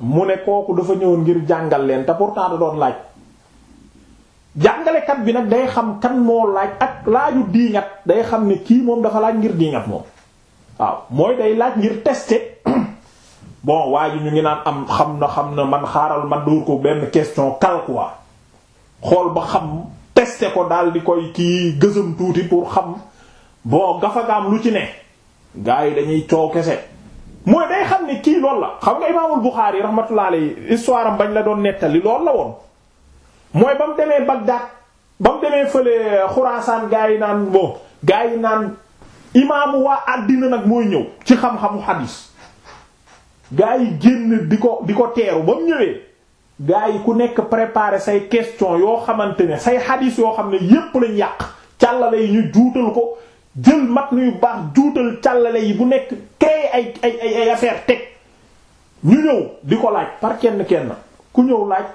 mu ne kooku dafa ñëwoon ngir jàngal leen te pourtant da doon laaj jàngalekat bi nag day xam kan moo laaj ak laaju diiŋat day xam ne kii moom dafa laaj ngir diiŋat moom waaw mooy day laaj ngir tester bon waa ji ñu ngi naan am xam na xam na man xaaral man dóor ko benn question kal quoi xool ba xam tester ko daal di koy kii gësam tuuti pour xam bon gafagaam lu ci ne gars yi dañuy coow kese mooy day xam ne kii loolu la xam nga imaamul Buxaari rahmatullahi alayhi histoire am bañ la doon nettali loolu la woon mooy ba mu demee Bagdad ba mu demee fële Xuraasaan gars yi naan bon gaa yi naan imaamu waa àddina nag mooy ñëw ci xam-xamu xadiis gaa yi génn di ko di ko teeru ba mu ñëwee gaa yi ku nekk préparer say question yoo xamante ne say xadiis yoo xam ne yépp lañ yàq càllale yi ñu juutal ko jël mat nuyu baax juutal càllale yi bu nekk créer ay ay ay affaire teg ñu ñëw di ko laaj par kenn kenn ku ñëw laaj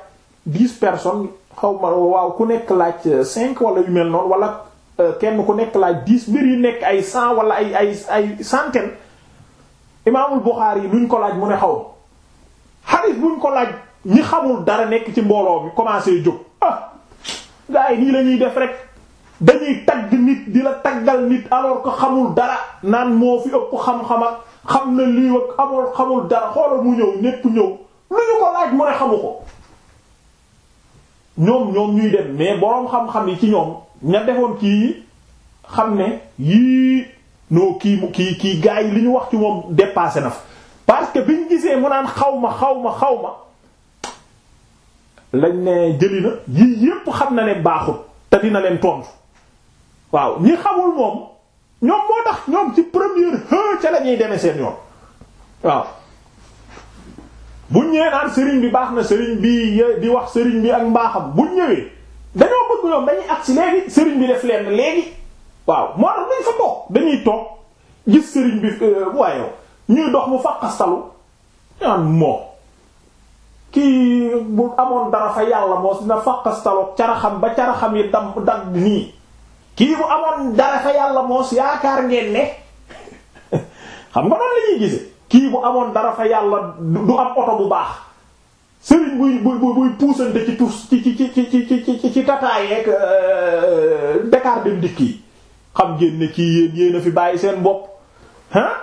dix personnes xaw ma waaw ku nekk laaj euh, cinq wala yu mel noonu wala euh, kenn ku nekk laaj dix mbir yu nekk ay cent wala ay ay ay centaine imaamul Buxaari yi luñ ko laaj mu ne xaw xadis buñ ko laaj ñi xamul dara nekk ci mbooloo bi commencé jóg ah gaa yi nii la def rek dañuy tagg nit di la taggal nit alors que xamul dara naan moo fi ëpp xam-xam ak xam na lii ak amul xamul dara xoolal mu ñëw ñépp ñëw lu ñu ko laaj mu ne xamu ko ñoom ñoom ñuy dem mais boroom xam-xam yi ci ñoom ña defoon kii xam ne yii non kii mu kii gaa gars yi li ñu wax ci moom dépassé na fa parce que biñ gisee mu naan xaw ma xaw ma xaw ma lañ ne jëli na yii yépp xam na ne baaxul te dina leen tontu waaw ñi xamul moom ñoom moo tax ñoom ci première heure ca la ñuy demee seen yoon waaw buñ ñëwee naan sëriñ bi baax na sëriñ bi di wax sëriñ bi ak mbaaxam bu ñëwee dañoo bëgg ñoom dañuy agsi léegi sëriñ bi def leen léegi waaw moo tax dañ fa toog dañuy toog gis sëriñ bi euh, waaye ñuy dox mu fàqastalu ñaan moo kii amoon dara yàlla moo dina fàqastaloog caraxam ba caraxam yi dam dam nii kii bu amoon dara fa yàlla moos yaakaar ngeen ne xam nga noonu la ñuy gise kii bu amoon dara fa yàlla du am oto bu baax sëriñ buy buy buy puusante ci tuus ci ci ci ci ci ci ci ci tataay yeeg euh, dem dikk yi xam ngeen ne kii yéen yéen a fi bàyyi seen bopp ah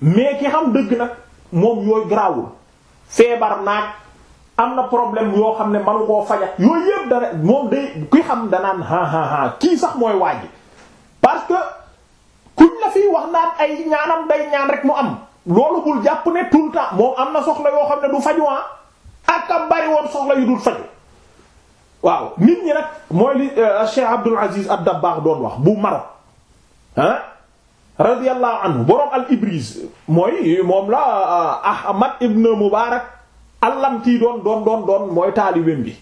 mais ki xam dëgg nag moom yooyu garaawul feebar naag am na problème yoo xam ne manu koo fajat yooyu yëpp dara moom day ki xam danaan ha ha ha kii sax mooy waaj parce que kuñ la fiy wax naan ay ñaanam day ñaan rek mu am loolu bul jàpp ne tout le temps moom am na soxla yoo xam ne du faju ah. ak a bari woon soxla yu dul faju waaw nit ñi nag mooy li euh, Cheikh Abdul Aziz ad-Dabbagh doon wax bu Maroc ah radiyallahu anhu boroom al Ibriz mooy moom la euh, Ahmad ibn Mubarak al-Lamti doon doon doon doon mooy taalibeem bi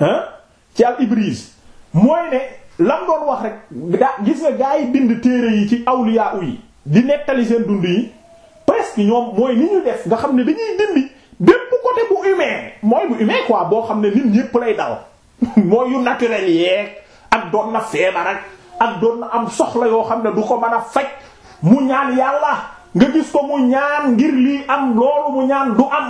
ah ci al Ibriz mooy ne lam doon wax rek daa gis nga gaa bind téere yi ci awliya yi di nettali seen dund yi presque ñoom mooy ni ñu def nga xam ne dañuy dindi bépp côté bu humain mooy bu humain quoi boo xam ne nit ñépp lay dal mooy yu naturel yeeg ak doon na feebar ak ak doon na am soxla yoo xam ne du ko mën a faj mu ñaan yàlla nga gis ko mu ñaan ngir lii am loolu mu ñaan du am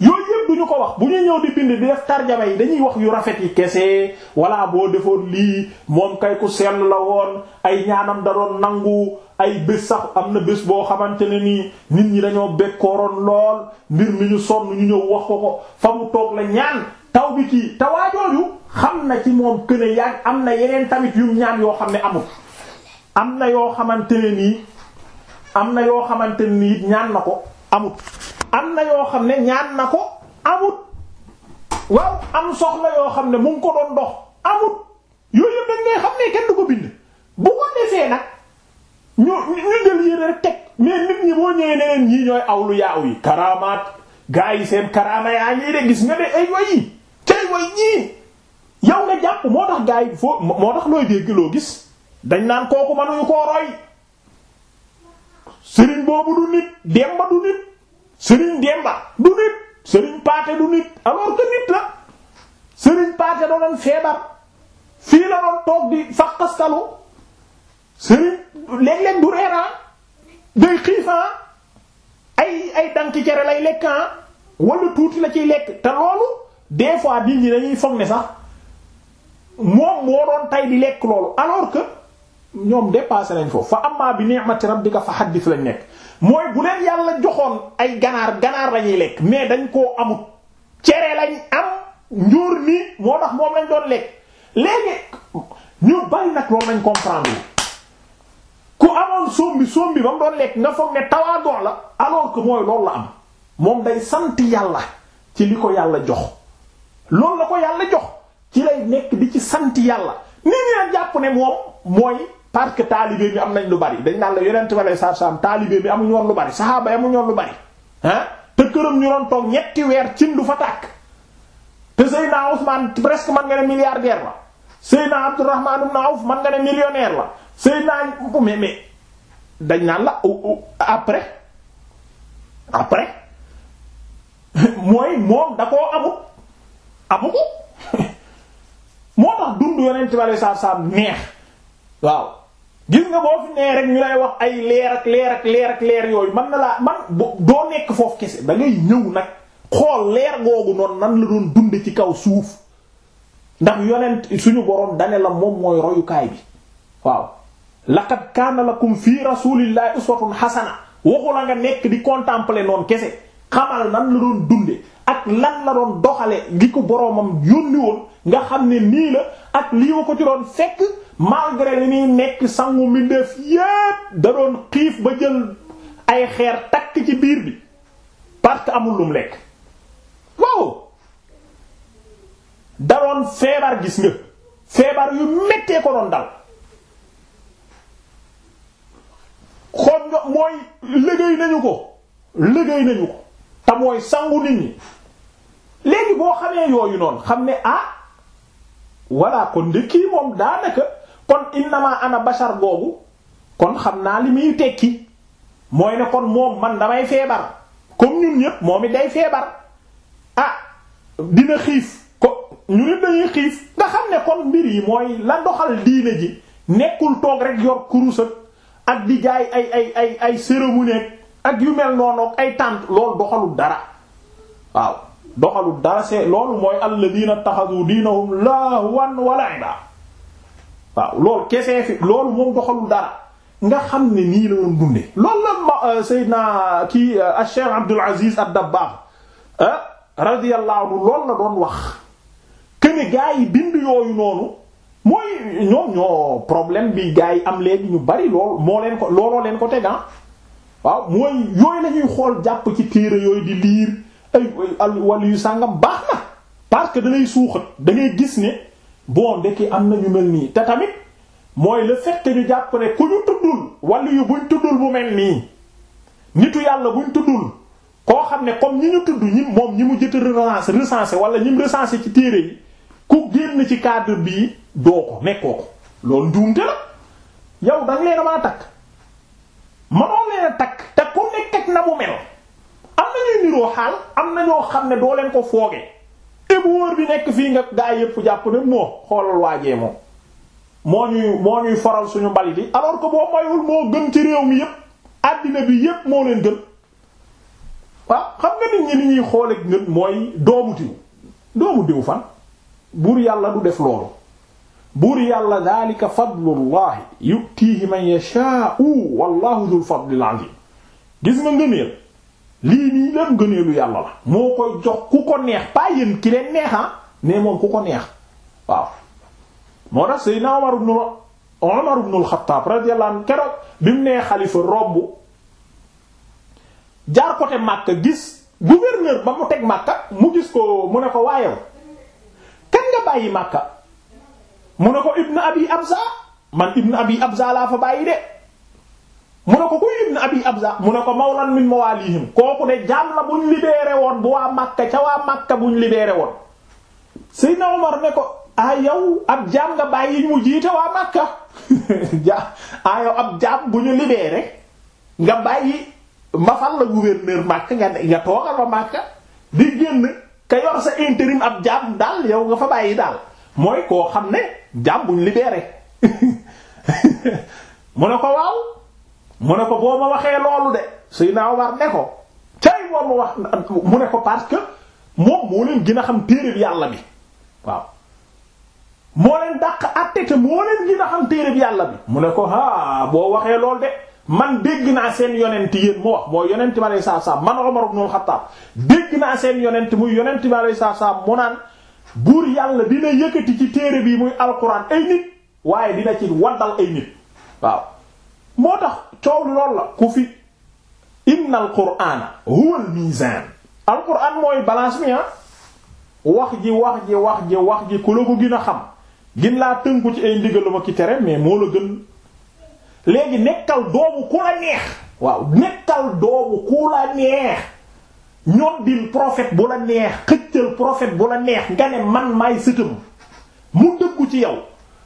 yooyu yëpp duñu ko wax bu ñuy ñëw di bind def tarjama yi dañuy wax yu rafet yi kese walla boo defoon lii moom kay ku sell la woon ay ñaanam da doon nangu ay bés sax am na bés boo xamante ne nii nit ñi dañoo bekkooroon lool mbir mi ñu sonn ñu ñëw wax ko ko fa mu toog la ñaan taw bi kii tawaajoor yu xam na ci moom kën a yàgg am na yeneen tamit yu ñaan yoo xam ne amul am na yoo xamante ne nii am na yoo xamante ne nii ñaan na ko amut am na yoo xam ne ñaan na ko amut waaw am soxla yoo xam ne mu ngi ko doon dox amut yooyu yëpp dañ ngay xam ne kenn du ko bind bu ko defee nag ñu ñu jël yére rek teg mais nit ñi boo ñëwee neneen ñii ñooy awlu yaaw yi karaamaat gaa yi seen karaama yaa ngi de gis nga de ay way ñii yow nga jàpp moo tax gars yi foo moo tax looy dégg loo gis dañ naan kooku mënuñu koo roy sëriñ boobu du nit demba du nit sëriñ demba du nit sëriñ paate du nit alors que nit la sëriñ paate da feebar fii la doon toog di faqastalu sëriñ léeg-léeg du reera ah, day xiifan ah, ay ay danki cere lay lekkan ah, wala tuuti la ciy lekk te loolu des fois nit ñi foog ne sax moom moo doon tay di lekk loolu alors que ñoom dépassé lañ foofu fa amma bi ni'mati rabbika fa haddith lañ nekk mooy bu leen yàlla joxoon ay ganaar ganaar lañuy lekk mais dañ koo amut cere lañ am njuur nii moo tax moom lañ doon lekk léegi ñu bari nag loolu lañ comprendre ku amoon sombi sombi ba mu doon lekk nga foog ne tawaadoo la alors que mooy loolu la am moom day sant yàlla ci li ko yàlla jox loolu la ko yàlla jox ci lay nekk di ci sant yàlla nit ñi jàpp ne moom mooy parce que taalibe bi am nañ lu bari dañ naan la yonent wala saabsaam taalibe am amuñu woon lu bari saxaaba yi amuñu woon lu bari ah te këram ñu doon toog ñetti weer cin du fa tàkk te Seydina Ousmane presque man nga ne milliardaire la Seydina Abdourahman ibn Awf man nga ne millionnaire la Seydina mais mais dañ naan la après après mooy moom da koo amut amu ko. moo tax dund yonent bi saa saam neex waaw gis nga boo fi nee rek ñu lay wax ay leer ak leer ak leer yooyu man na laa man doo nekk foofu kese da ngay ñëw nag xool leer googu noonu nan la doon dund ci kaw suuf ndax yonent suñu borom dane la moom mooy royukaay bi waaw laqad kaana lakum fii rasulillahi uswatun hasana waxu la nga nekk di contempler noonu kese xamal nan la doon dunde ak lan la doon doxale li ko boroomam yónni woon nga xam ne nii la ak lii wa ko ci doon fekk malgré mi nekk sangu mbindeef yépp da doon xiif ba jël ay xeer takk ci biir bi parce que amul lum lekk waaw da doon feebar gis nga feebar yu méttee ko doon dal xool mooy liggéey nañu ko liggéey nañu ko te mooy sangu nit ñi léegi boo xamee yooyu noonu xam ne ah walla kon de kii moom daanaka kon innama ana bashar googu kon xam naa li muy tekki mooy ne kon moom man damay feebar kom ñun ñépp moom it day feebar ah dina xiif ko ñu nit dañuy xiif nga xam ne kon mbir yi mooy la doxal diine ji nekkul toog rek yor kurus ak di jaay ay ay ay ay cérémonie ak yu mel noonu ay tànt lool doxalul dara waaw doxalul dara c'est loolu mooy alladina taxadu diinahum lahwan wa la'iba waaw lool kese fi loolu moom doxalul dara nga xam ne nii la woon dunde loolu la ma euh, Seydina kii euh, Cheikh Abdul Aziz ad-Dabbagh euh, radiyallahu anhu loolu la doon wax këne gaa yi bind yooyu noonu mooy ñoom ñoo problème bi gaa yi am léegi ñu bari lool moo leen ko looloo leen ko tegan ah. waaw mooy yooyu lañuy xool jàpp ci téere yooyu di liir ay wàllu yu sàngam baax na parce que da suuxat da gis ni bon ndekki am na ñu mel nii te tamit mooy la fait que ñu jàpp ne ku ñu tuddul wàllu yu buñ tuddul bu mel nii nitu yàlla buñ tuddul koo xam ne comme ñi ñu tudd ñi moom ñi mu jëta recensé recensé wala ñi mu ci téere yi ku génn ci cadre bii doo ko nekkoo ko loolu njuumte la yow danga leen damaa takk mënoo leen takk te ku nekk ak na mu mel am nañuy niroo xaal am na ñoo xam ne doo leen ko fooge te bu bi nekk fii nga gaa yëpp jàpp ne moo xoolal waajee moom moo ñuy moo ñuy faral suñu mbalit yi alors ko boo mayul moo gën ci réew mi yëpp àddina bi yëpp moo leen gën waaw xam nga nit ñi ni ñuy xool ak ngën mooy doomu diw doomu diw fan buur yàlla du def loolu buur yàlla daalika fadlullahi yutiihi man yashaa'u wallahu dul fadlil azim gis nga ngëneel lii nii lépp ngëneelu yàlla la moo koy jox ku ko neex pas yéen ki leen neexa ah, ne moom ku ko neex waaw moo tax Seydina Omar ibn Omar ibn al-Khattab radiyallahu anhu keroog bi mu nee xalifa romb jaar côté Makka gis gouverneur ba mu teg Makka mu gis ko mu ne ko waayew kan nga bàyyi Makka mu ne ko ibn abi abza man ibn abi abza laa fa bàyyi de mu ne ko ku ibn abi abza mu ne ko mawlan min mawalihim kooku ne jaam la buñ libéré woon bu waa Makka ca waa Makka buñ libéré woon Seydina Umar ne a yow ab jaam nga bàyyi a yow ab jaam bu ñu libéré nga bàyyi ma fal la gouverneur Makka nga nga toogal ba Makka di génn ka yor sa intérim ab jaam daal yow nga fa bàyyi daal mooy koo xam ne jàmbuñ buñ libéré mu ne ko waaw mu ne ko boo ma waxee loolu de Seydina Omar ne ko cay boo ma wax mu ne ko parce que moom moo leen gën a xam téereb yàlla bi waaw moo leen te moo leen gën a xam téereb yàlla bi mu ne ko haa boo waxee loolu de man dégg naa seen yonent yéen mu wax moo yonent bi alayhi salaam man Omar ibn al-Khattab dégg naa seen yonent muy yonent bi alayhi salaam mu naan buur yàlla dina yëkkati ci téere bi muy alquran ay nit waaye dina ci waddal ay nit waaw moo tax coow lool la ku fi inna alqurana huwa al mizan mooy balance mi ah wax ji wax ji wax ji wax ji ku la ko gin a xam gin laa ko ci ay ndigaluma ki tere mais moo la gën léegi nekkal doomu ku la neex waaw nekkal doomu ku la neex ñoom dil prophète bu la neex xëccal prophète bu la neex nga ne man maay sëtam mu dëggu ci yow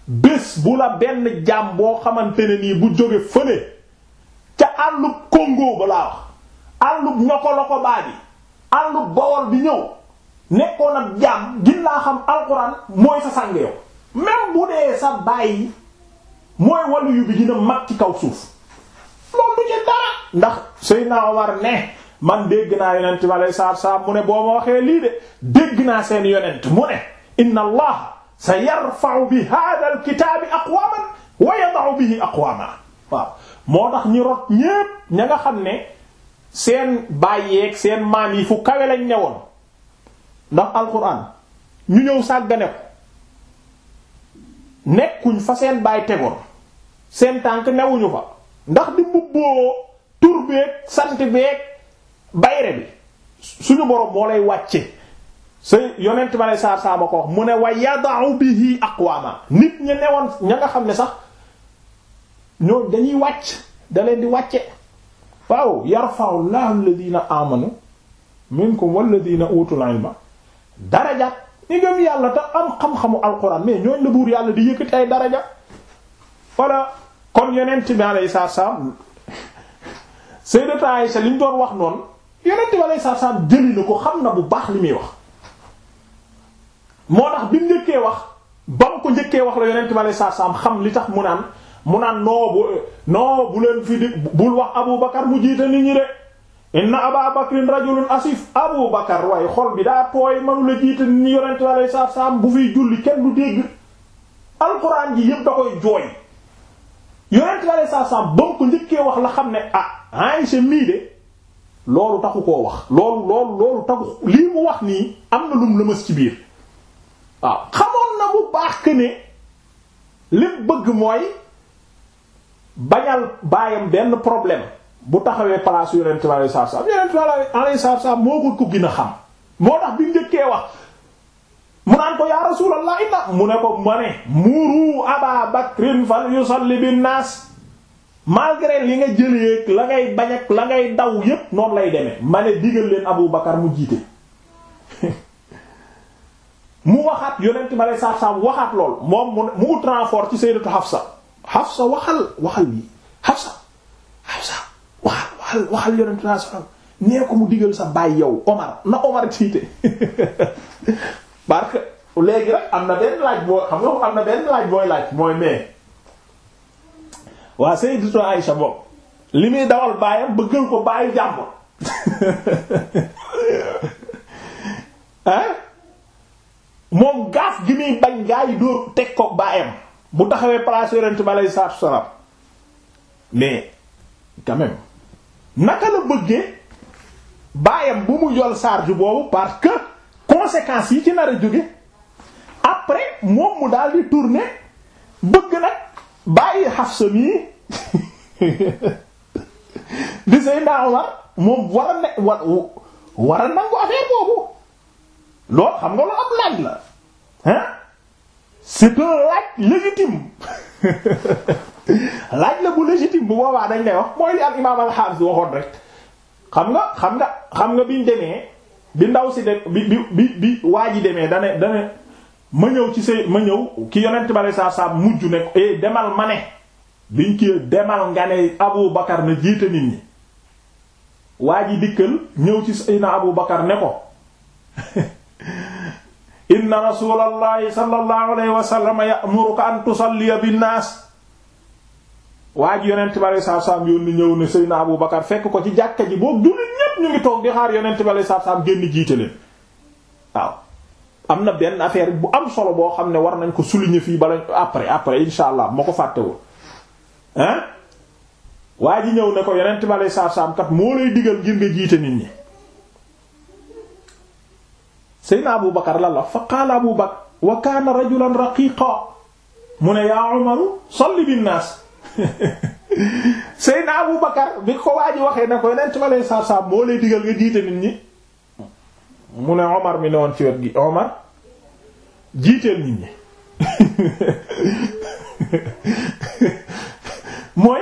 bés bu la benn jaam boo xamante ne nii bu jóge fële ca àllub Congo ba laa wax àllub ñokoloko baa bi àllub Bawol bi ñëw nekkoon ak jaam gin laa xam alxuraan mooy sa sàng yow même bu dee sa bàyyi mooy walu yu bi dina mag ci kaw suuf loolu du ci dara ndax Seydina Omar ne man dégg naa yonent bi alayhi mu ne boo ma waxee lii de dégg naa seen yonent mu ne inna allaha sa yarfa'u bi hadha al kitaabi aqwaman wa waaw moo tax ñi rot ñépp ña nga xam ne seen bàyyeek seen maam yi fu kawe lañ newoon ndax alquran ñu ñëw sàggane ko nekkuñ fa seen baay tegoon seen tànk newuñu fa ndax di mbubboo tur beeg sant bayre bi suñu borom moo lay wàcce say yonent ma lay saar saama ko wax mu ne wa yada'u bihi aqwama nit ñi newoon ña nga xam ne sax ñoo dañuy wàcc da leen di wàcce waaw yarfa'u llahu alladhina amanu minkum walladhina utul ilma daraja ñi gëm yàlla te am xam-xamu alquran mais ñooñ la buur yàlla di yëkkati ay daraja walla kon yonent bi alayhi salaam sayyidatu Aisha liñ doon wax noonu yonent bi aleyhi salaatu salaam jëli ko xam na bu baax li muy wax moo tax bi njëkkee wax ba mu ko njëkkee wax la yonent bi aleyhi salaatu xam li tax mu naan mu naan noo bu noo bu leen fi di bul wax Abu Bakar mu jiite nit ñi de inna Aba Bakrin rajulun asif Abu Bakar waaye xol bi daa tooy manu la jiite nit ñi yonent bi aleyhi salaatu salaam bu fiy julli kenn du dégg alxuraan ji yëpp da koy jooy yonent bi aleyhi salaatu ba mu ko njëkkee wax la xam ne ah Aysa mii loolu taxu koo wax loolu loolu taxu lii mu wax nii am na lum lëmas ci biir waaw xamoon na bu baax que ne bëgg mooy bañal baayam benn problème bu taxawee place yonent bi alayhi salaatu salaam moo ko ko gën xam moo tax bi njëkkee wax mu naan ko yaa rasulallah inna mu ne ko ma ne muru aba bakrin fal yusalli bin naas malgré yi nga jëlee la ngay bañ la ngay daw yépp noonu lay deme ma ne digal leen Abu Bakar mu jiite mu waxaat yonent ma lay saab-saab waxaat lool moom mu ut renfort ci Sayyidatu Hafsa Hafsa waxal waxal yi Hafsa waxal waxal yonent ma saab ko mu digal sa baay yow Omar na Omar jiite parce que léegi am na benn laaj boo xam nga am na benn laaj booy laaj mooy mais waa Sayyidatu Aïcha boobu li muy dawal baayam bëggal ko baayu jàmbur ah moom gaaf gi muy bañ gaa yi dóor teg ko baayam bu taxawee place Yonent bi aleyhi salaatu mais quand même naka la bëggee baayam bu mu jol charge boobu parce que conséquences yi ci nar a jóge après moom mu daal di tourner bëgg nag. bàyyi Hafsa mii di Seydina Omar moom war a ne war war a nangu affaire boobu loolu xam nga loolu ab laaj la hein c'est un laaj légitime laaj la bu légitime bu boobaa dañ lay wax mooy li al imaam al-Hafiz waxoon rek xam nga xam nga xam nga biñ demee bi ndaw si de bi bi bi waa ji demee dane dane ma ñëw ci say ma ñëw ki yonent bi aleyhi salaatu salaam mujj ne ko eh demal ma ne biñ ki demal nga ne Abu Bakar na jiite nit ñi waa ji dikkal ñëw ci na Abu Bakar ne ko inna rasulallahi sallallahu alayhi wa sallam ya'muruka an binnaas waa ji yonent bi aleyhi salaatu salaam yoon ñëw ne sayna Abu Bakar fekk ko ci jàkka ji boobu du nit ñépp ñu ngi toog di xaar yonent bi aleyhi salaatu salaam génn jiite leen waaw am na benn affaire bu am solo boo xam ne war nañ ko souligner fii bala après après insha allah ma ko fàttewul hein waa ji ñëw ne ko yonent bale saar-saam kat jiite nit ñi seyna abu bakar la la fa qaala abu bakar wa kaana rajulan raqiqa mu ne bi ko waa ne ko yonent bale saar-saam moo lay digal nga jiite nit ñi mu ne Omar mi ne woon ci wet gi Omar jiiteel nit ñi mooy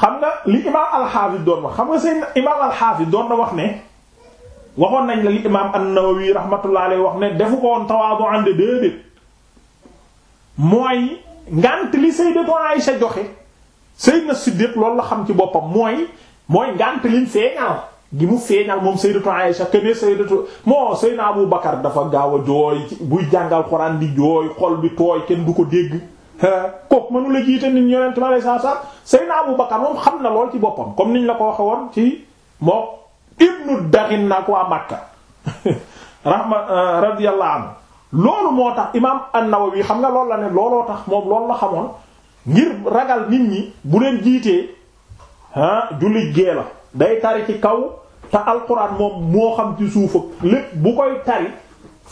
xam nga li imaam alxaafis doon wax xam nga seen imaam alxaafis doon na wax ne waxoon nañ la li imaam an-Nawawi wax ne defu ko woon tawaadu ànd déedéet mooy ngànt li sayyidatu Aisha joxe sayyidna Siddiq loolu la xam ci boppam mooy mooy ngànt liñ feeñal gi mu feeñal moom sayyidatu Aisha kene sayyidatu moo sayyidna Abu Bakar dafa gaaw a jooy buy jàngal xoraan di jooy xol bi tooy kenn du ko dégg kooku mënu la jiite nit yonent ma lay saasam sayyidna Abu Bakar moom xam na lool ci boppam comme niñ la ko waxe woon ci moo ibnu daxin nak waa Makka rahma euh, radiyallahu anhu loolu moo tax imaam an-Nawawi xam nga loolu la ne looloo tax moom loolu la xamoon ngir ragal nit ñi bu leen jiitee ah jullit gee la day tari ci kaw te alquran moom moo xam ci suuf ak lépp bu koy tari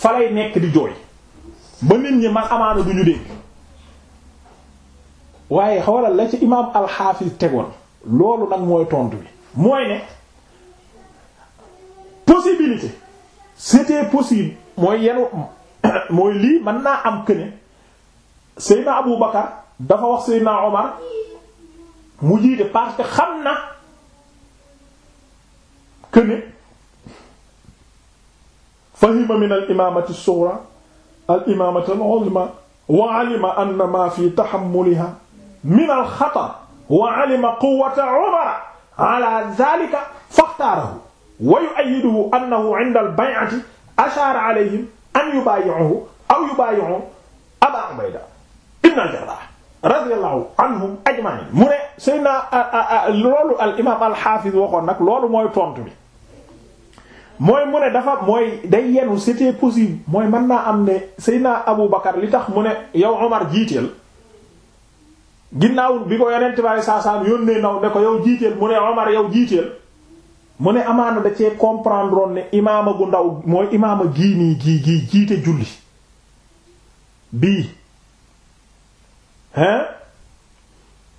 fa nekk di jooy ba nit ñi man amaana du ñu dégg waaye xawalal la ci imaam alxaafis tegoon loolu nag mooy tontu bi mooy ne possibilité c'était possible mooy yenu mooy lii mën naa am que ne Seydina Abou Bakar dafa wax Seydina Omar mu parce que xam na. këne fahima min al imaamati sughra al imaamati al uzma wa alima anna ma fi tahammuliha min al xatar wa alima quwwata umar ala dhalika faxtaarahu wa yu'ayyiduhu annahu 'inda al bay'ati ashaara alayhim an yubaayi'uhu aw yubaayi'u abaa ubayda ibn al jarraah radiyallahu anhum ajma'in mu ne Seydina loolu al imaam al xaafiz waxoon nag loolu mooy tontu bi. mooy mu ne dafa mooy day yenu c'était possible mooy man naa am ne Seydina Abu Bakar li tax mu ne yow Omar jiiteel ginnaaw bi ko yonent bari saa saa yónnee ndaw ne ko yow jiiteel mu ne Omar da cee comprendre woon ne imaama gu ndaw mooy imaama gii nii gii gii jiite julli bii hein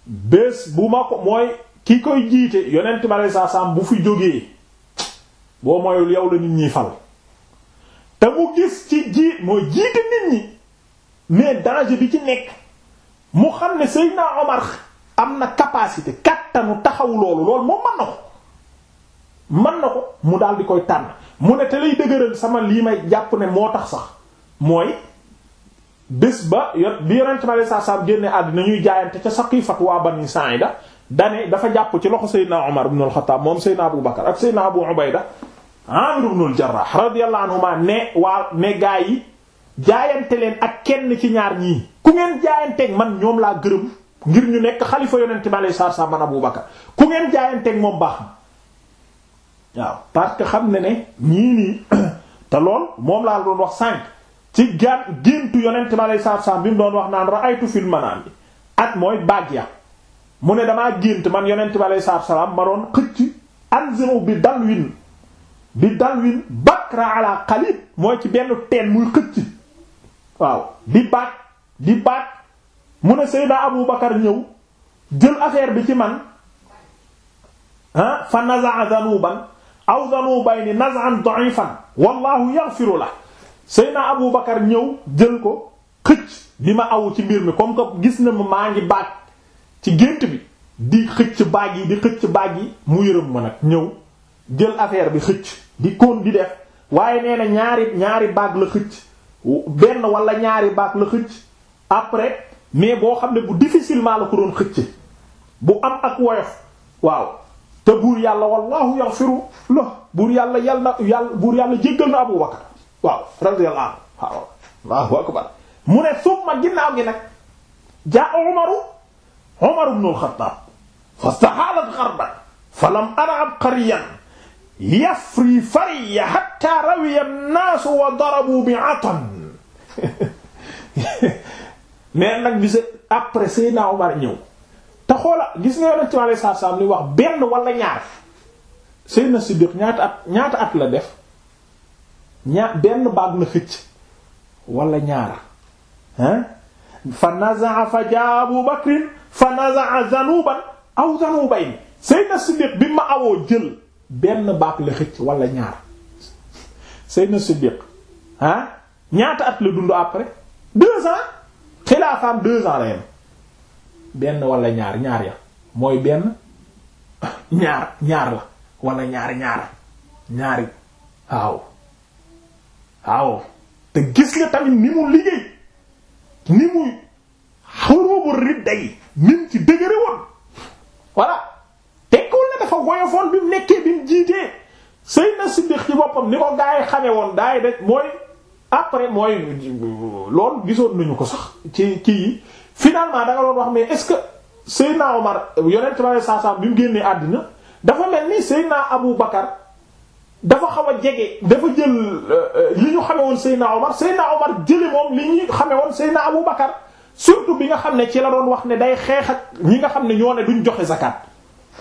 bés bu ma ko mooy ki koy jiite yonent bari saa bu fi jógee boo moyul yow la nit ñi fal te mu gis ci ji mooy jiite nit ñi mais danger bi ci nekk mu xam ne Seydina Omar am na capacité kattanu taxaw loolu loolu moom mën na ko mën na ko mu daal di koy tànn mu ne te lay dëgëral sama lii may jàpp ne moo tax sax mooy bés ba yo- bi yonent ma saa saa génne àddina ñuy jaayante ca Saqifat waa Bani Sa'ida dane dafa jàpp ci loxo Seydina Omar ibn al-Khattab moom Seydina Abu Bakar ak Seydina Abu Ubayda Amr ibn al-Jarrah radiyallahu anhuma ne waa ne gaa yi jaayante leen ak kenn ci ñaar ñii ku ngeen jaayanteeg man ñoom laa gërëm ngir ñu nekk xalifa yonent bi alayhi salaatu salaam man Abu Bakar ku ngeen jaayanteeg moom baax na waaw parce que xam ne ne ñii nii te lool moom laa doon wax sànq ci gaan géntu yonent bi alayhi salaatu salaam bi mu doon wax naan ra'aytu fil manaam bi at mooy baag ya mu ne damaa gént man yonent bi alayhi salaatu salaam ma doon xëcc anzimu bi dalwin bi dalwin bakra ala xalib mooy ci benn teen muy xëcc waaw di baat di baat mu ne Seydina Abu Bakar ñëw jël affaire bi ci man ah fa nazaa zanuban aw zanubayni naz'an da'ifan wallahu yaghfiru la Seydina Abu Bakar ñëw jël ko xëcc di ma aw ci mbir mi comme que gis na ma maa ngi baat ci gént bi di xëcc baag yi di xëcc baag yi mu yërëm ma nag ñëw jël affaire bi xëcc di koon di def waaye nee ñaari ñaari baag la xëcc benn wala ñaari baag la xëcc après mais boo xam ne bu difficilement la ko doon xëcc bu am ak woyof waaw te buur yàlla wallahu yaghfiru la buur yàlla yàl yàlla buur yàlla jéggal Abu Bakar waaw radiyallahu anhu waaw allahu mu ne summa ginnaaw gi nag jaa Umaru Umar ibn al-Khattab fastahalat gharban falam ara abqariyan yafri fariya hatta rawiya an-nas wa darabu bi atan mais nag gis après Seydina Omar ñëw te xoola gis nga Yonent bi sallallahu alayhi ni wax benn wala ñaar Seydina Siddiq ñaata at ñaata at la def ñaa benn baag la xëcc wala ñaar ah fa nazaa fa jaa Abu Bakr fa nazaa zanuban aw zanubayn Seydina Siddiq bi ma awoo jël benn baat la xëcc walla ñaar Seydina Siddiq ah ñaata at la dund après deux ans xilaafaam deux ans la yem benn wala ñaar ñaar ya mooy benn ñaar ñaar la wala ñaari ñaar ñaari waaw te gis nga tamit ni mu liggéey ni muy xarubu ridda yi nim ci dëgëre woon voilà dafa woyofoon bi mu nekkee bi mu jiitee Seydina Siddiq ci boppam ni ko gaa yi xame woon gaa yi de mooy après mooy loolu gisoon nañu ko sax ci kii yi finalement da nga doon wax mais est-ce que Seydina Omar yonent bi saa saa bi mu génnee dafa mel ni Seydina Abu Bakar dafa xaw a jege dafa jël euh, li ñu xame woon Seydina Omar Seydina Omar jële moom li ñu xame woon Seydina Abu Bakar surtout bi nga xam ne ci la doon wax ne day xeex ak ñi nga xam ne ñoo ne duñ joxe zakat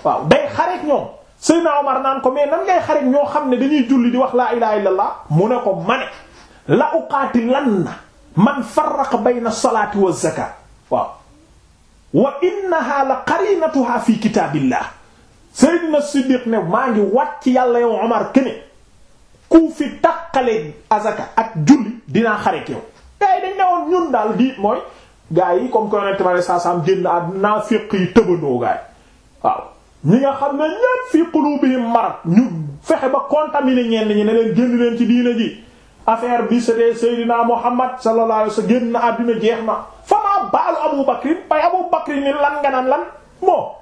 waaw day xareet ñoom Seydina Omar naan ko mais nan ngay xareet ñoo xam ne dañuy julli di wax laa ilaha illallah mu ne ko mane la uqaatilanna man farraqa bayna salaati wa zakat waaw wa innaha la qarinatuha fi kitaabillah Seydina Siddiq ne maa ngi wàcc yàlla yow Omar kene ku fi taqale azaka ak julli dinaa xareet yow gaa dañ ne woon ñun daal di mooy gaa yi comme que génn àdduna féq yi tëbanoo gaa ñi nga xam ne ñépp fi qulubihim marad ñu fexe ba contaminer ñenn ñi ne leen génn leen ci diine ji affaire bi c'était Seydina Muhammad sallallahu alayhi wa sallam génn na àddina jeex na famaa baalu Abu Bakrin bay Abu Bakrin ni lan nga naan lan moo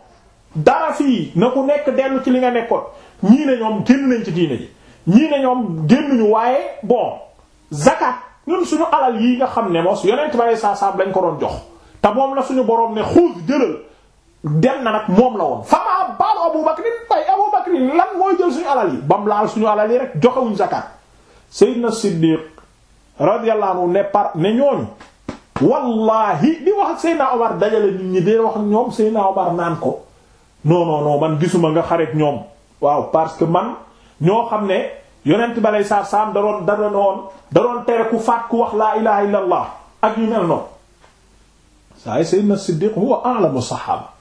dara fii na ku nekk dellu ci li nga nekkoon ñii ne ñoom génn nañ ci diine ji ñii ne ñoom génnuñu waaye bon zakat ñun suñu alal yi nga xam ne mos yonent ba saa saab lañ ko doon jox te moom la suñu boroom ne xuus jëlal dem na nag moom la woon famaa baalu Abu Bakr lan mooy jël suñu alal yi bam laal suñu alal yi rek joxewuñ zakat Seydina Siddiq radiyallahu anhu ne par ne ñooñu wallahi di wax ak Seydina dajale nit ñi di wax ñoom Seydina Omar naan ko non man gisuma nga xareek ñoom waaw parce que man ñoo xam ne yonent balay saar saam da doon da doon ku faat wax laa ilaha illallah ak ñu mel noonu saa yi Seydina Siddiq huwa a'lamu sahaba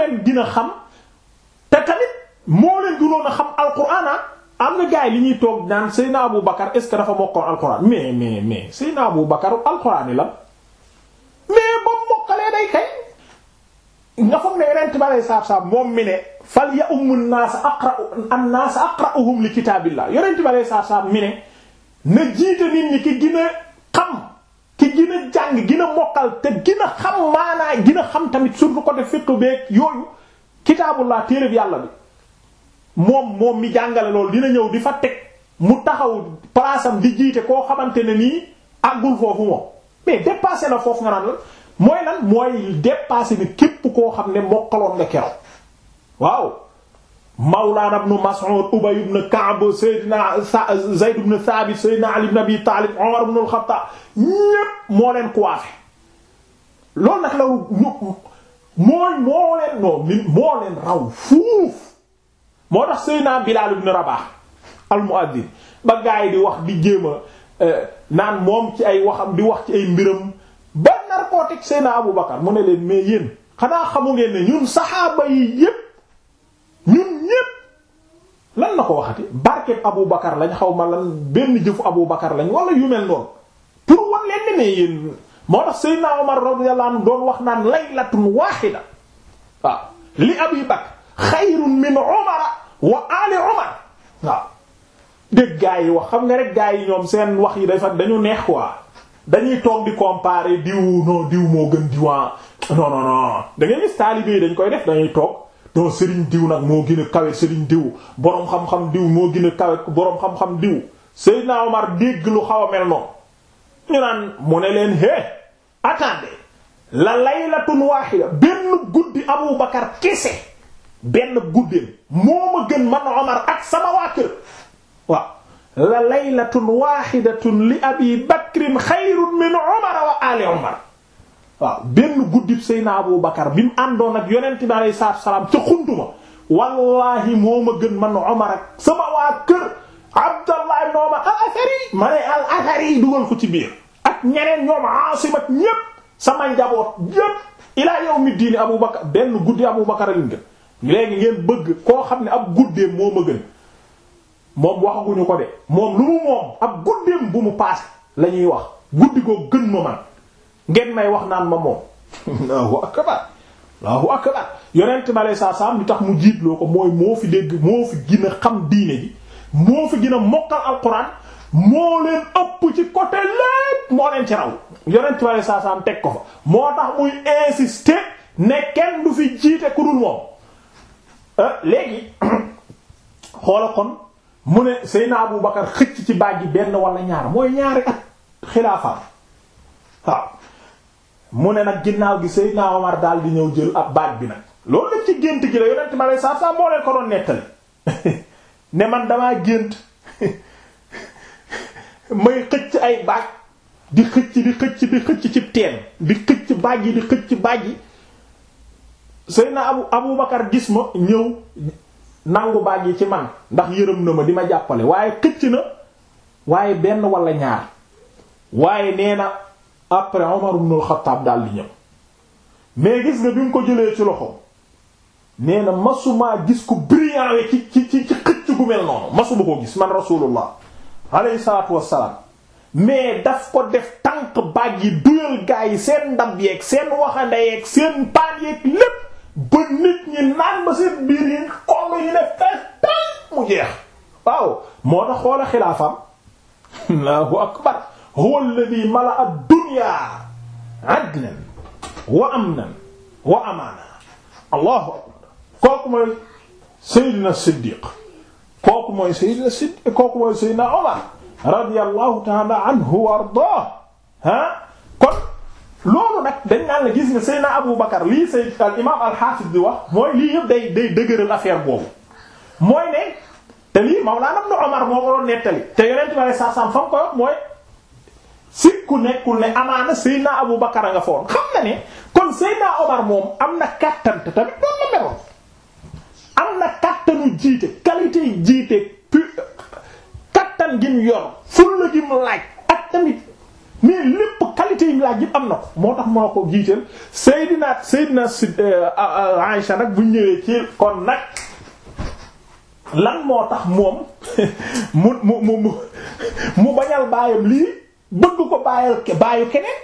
leen gën a xam te tamit moo leen gënoon a xam alquran ah, am na gars yi li ñuy toog naan Seyna Abu Bakar est ce que dafa mokkoon alquran mais mais mais Seyna Abu Bakar alquran yi la mais ba mokkalee day kay nga foog ne rent ba lay saab saab moom mi ne fal ya ummu naas aqra an naas aqra'uhum li kitaabillah yonent bi saab saab mi ne na jiite nit ñi ki gën xam ki gën jàng gina a mokkal te gën a xam maanaa gën xam tamit surtout côté fiqh beek yooyu kitaabullah téereb yàlla bi moom moom mi jàngale loolu dina ñëw di fa teg mu taxaw place am di jiite koo xamante ne nii àggul foofu moom mais dépassé na foofu nga naan la mooy nan mooy dépassé ni képp koo xam ne mokkaloon nga keroog waaw Mawlaana ibn Mas'ud Ubay ibn Ka'b Seydina Zayd ibn Thabit Seydina Ali ibn Abi Talib Umar ibn al-Khattab ñépp moo leen coiffé loolu nag la ñu mooy moo leen non moo leen raw fuuf moo tax Seydina Bilal ibn Rabah al-mu'addin ba gaa yi di wax di jéem a euh, naan moom ci ay waxam di wax ci ay mbiram ba nar koo teg Seydina Abou Bakar mu ne leen mais yéen xanaa xamu ngeen ne ñun saxaaba yi yépp ñun ñépp lan na ko waxati barkeb Abu Bakar lañ xaw ma lan benn jëfu Abu Bakar lañ wala yu mel noonu pour wan leen ne moo tax Seydina Omar radiyallahu anhu doon wax naan laylatun waahida waaw li Abi Bakr xayrun min Umara wa ali Umar waaw dégg gaa yi wax xam nga rek gaa yi ñoom seen wax yi dafa dañu neex quoi dañuy toog di comparer diw non diw moo gën diwa non non non da ngay gis dañ koy def dañuy toog. non sëriñ diw nag moo gën a kawe sëriñ diw boroom xam-xam diw moo gina a kawe boroom xam-xam diw Seydina Omar dégg lu xaw a mel noonu ñu naan mu ne leen hé attendez la laylatun wahida benn guddi Abu Bakar kese benn guddeem moo ma gën man Omar ak sama waa kër waaw la laylatun wahidatun li Abi Bakrin xayrun min Omar wa ali Omar waaw benn guddib naa Abu Bakar bi mu àndoon ak yonent bi alayhi salaatu salaam ca xuntuma wallaahi moo a gën man Omar ak sama waa kër Abdallah ibn Omar al-Athari ma ne dugal ko ci biir ak ñeneen ñoom Aasim ak ñépp sama njaboot yépp ilaa yawmi diini Abu Bakar benn guddi Abu Bakar a gën léegi ngeen bëgg koo xam ne ab guddeem moo ma gën moom waxaguñu ko de moom lu mu moom ab guddeem bu mu paase la wax guddi koo gën ma man ngeen may wax naan ma moom Allahu akbar Allahu akbar yonent mi tax mu jiitloo ko mooy moo fi dégg moo fi xam diine ji moo fi gën ci côté lépp moo leen ci raw yonent mi teg ko fa muy insister ne fi jiite ku euh, ne Seyna Abu ci baaj yi benn wala ñaar mooy ñaari at waaw mu ne nag ginnaaw gi Seydina Omar daal di ñëw jël ab baat bi nag loolu la ci gént gi la yonent ma lay saa saa moo leen ko doon nettali ne man damaa gént may xëcc ay baag di xëcc di xëcc di xëcc ci teen di xëcc baag yi di xëcc baag yi Seydina Abu Abu Bakar gis ma ñëw nangu baag yi ci man ndax yërëm na ma di ma jàppale waaye xëcc na waaye benn wala ñaar waaye nee na. après Omar ibn al-Khattab daal di ñëw mais gis nga bi nga ko jëlee ci loxo nee na masumaa gis ku brillant we ci ci ci xëcc gu mel noonu masuma ko gis man rasulullah alayhi salaatu wassalaam mais daf ko def tànk baaj yi duyal gaa yi seen ndab yeek seen waxande yeeg seen paan yeeg lépp ba nit ñi naan ba seen biir yi koll yi ne fees tal mu jeex waaw moo tax xoola xilaafam allahu akbar huwa alladhi mala'a dunya adlan wa amnan wa amaana allahu akbar kooku mooy Seydina Siddiq kooku mooy Seydina Siddiq kooku mooy Seydina Omar radiyallahu ta'ala anhu wa ardaah ha kon loolu nag dañ naan la gis nga Seydina Abu Bakar lii Seydina al imaam al Hafiz di wax mooy lii yëpp day day dëgëral affaire boobu mooy ne te lii Mawlana Ibn Omar moo ko doon nettali te Yonent bi sallallahu alayhi wasallam fa mu koy wax mooy sit ku nekkul ne amaana Seydina Abu Bakar a nga foon xam na ne kon Seydina Omar moom am na kàttan te tamit doon la meloon am na kàttanu jiite qualité jiite pu kàttan gim yor ful la gim laaj ak tamit mais lépp qualité yi laaj yëpp am na ko moo tax moo ko jiiteel Seydina Seydina euh, euh, euh, Aïcha nag bu ñëwee ci kon nag lan moo tax moom mu mu mu mu bañal baayam lii bëgg ko bàyyal bàyyu keneen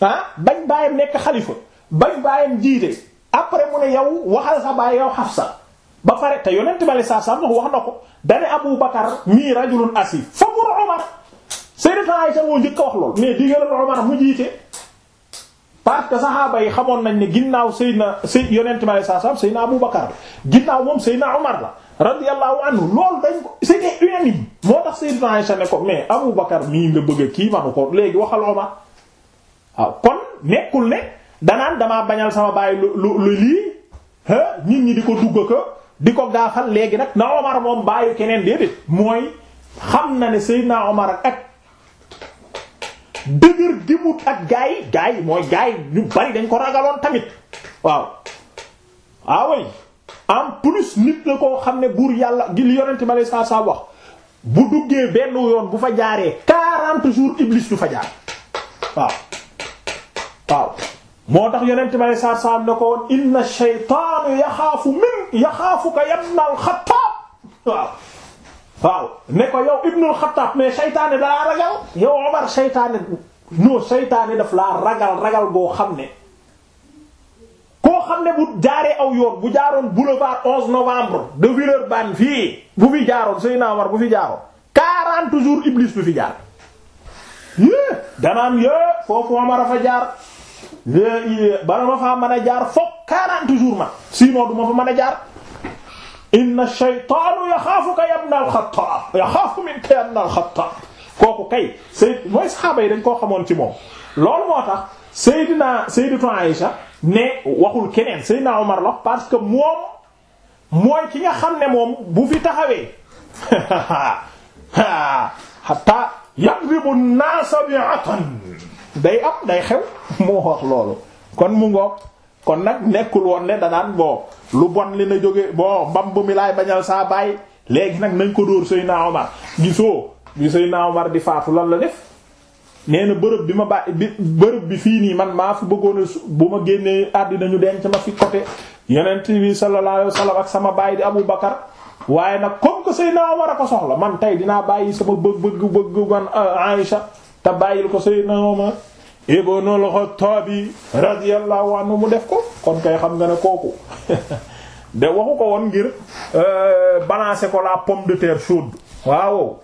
ah bañ bàyyam nekk xalifa bañ bàyyam jiite après mu ne yow waxal sa bàyyi yow Hafsa ba pare te yonent bi alei satu wax na ko dane Abu Bakar mii rajulun asif fa mur Umar Sayyidat Aisha moo njëkk a wax lool mais digalal Umar mu jiite parce saxaaba yi xamoon nañ ne ginnaaw Seydina Seydina yonent bi alei satu salaam Seydina Abu Bakar la ginnaaw moom Seydina Umar la radiyallahu anhu loolu dañ ko c'était unanime moo tax Sayyidina Aisha ne ko mais Abu Bakar mii nga bëgg a kii manu ko léegi waxal Omar waaw kon nekkul ne danaan damaa bañal sama bàyyi lu lu lii nit ñi di ko dugg ko di ko gaafal léegi nag na Omar moom bàyyi keneen déedéet mooy xam na ne Sayyidina Omar ak dëgër dimut ak gaa yi gaa yi mooy gaa ñu bari dañ ko ragaloon tamit waaw waaw ah, en plus nit la koo xam ne buur yàlla gi li yonent ma lay saa saa wax bu duggee benn yoon bu fa jaaree 40 jours iblis du fa jaar waaw waaw moo tax yonent ma lay saa saa ne ko woon inna shaytaanu yaxaafu min yaxaafuka yabnal xattaab waaw waaw ne ko yow ibnul xattaab mais seytaane dalaa ragal yow Omar seytaane non seytaane daf laa ragal ragal goo xam ne xam ne bu yoon bu jaaroon boulevard 11 novembre de Villeurbanne fii bu fi jaaroon Seydina Omar bu fi jaaroon 40 jours Iblis bu fi jaar. yéen danaan yéen foofu Omar a fa jaar bala faa mën a jaar foog 40 jours ma sinon duma ma fa mën a jaar. inna shaytaanu yaxaafuka ya ibna al-Xattaab yaxaafu minka ya ibna al-Xattaab kooku kay Seyd mooy saxaaba yi dañ koo xamoon ci moom loolu moo tax Seydina Sayyidatu Aïsha mais waxul keneen Seydina mar la parce que moom mooy ki nga xam ne moom bu fi taxawee hatta yadribu naasa bi atan day am day xew moo wax loolu kon mu ngoog kon nag nekkul woon ne danaan boo lu bon li na jóge boo mbamb mi laay bañal saa baay léegi nag nañ ko dóor Seydina Omar gisoo bi Seydina Omar di faatu lan la def nee na bërëb bi ma bà bi bërëb bi fii nii man maa fi bëggoon bu ma génnee àddina ñu denc ma fi côté yonent bi sallallahu alayhi ak sama baay di Abu Bakar waaye nag comme que Seydina Omar a ko soxla man tey dinaa bàyyi sama bëgg bëgg bëgg gan Aïcha te bàyyil ko Seydina Omar ibnul Xattaab radiyallahu anhu mu def ko kon kay xam nga ne kooku de waxu ko woon ngir euh, balancer ko la pomme de terre chaude waaw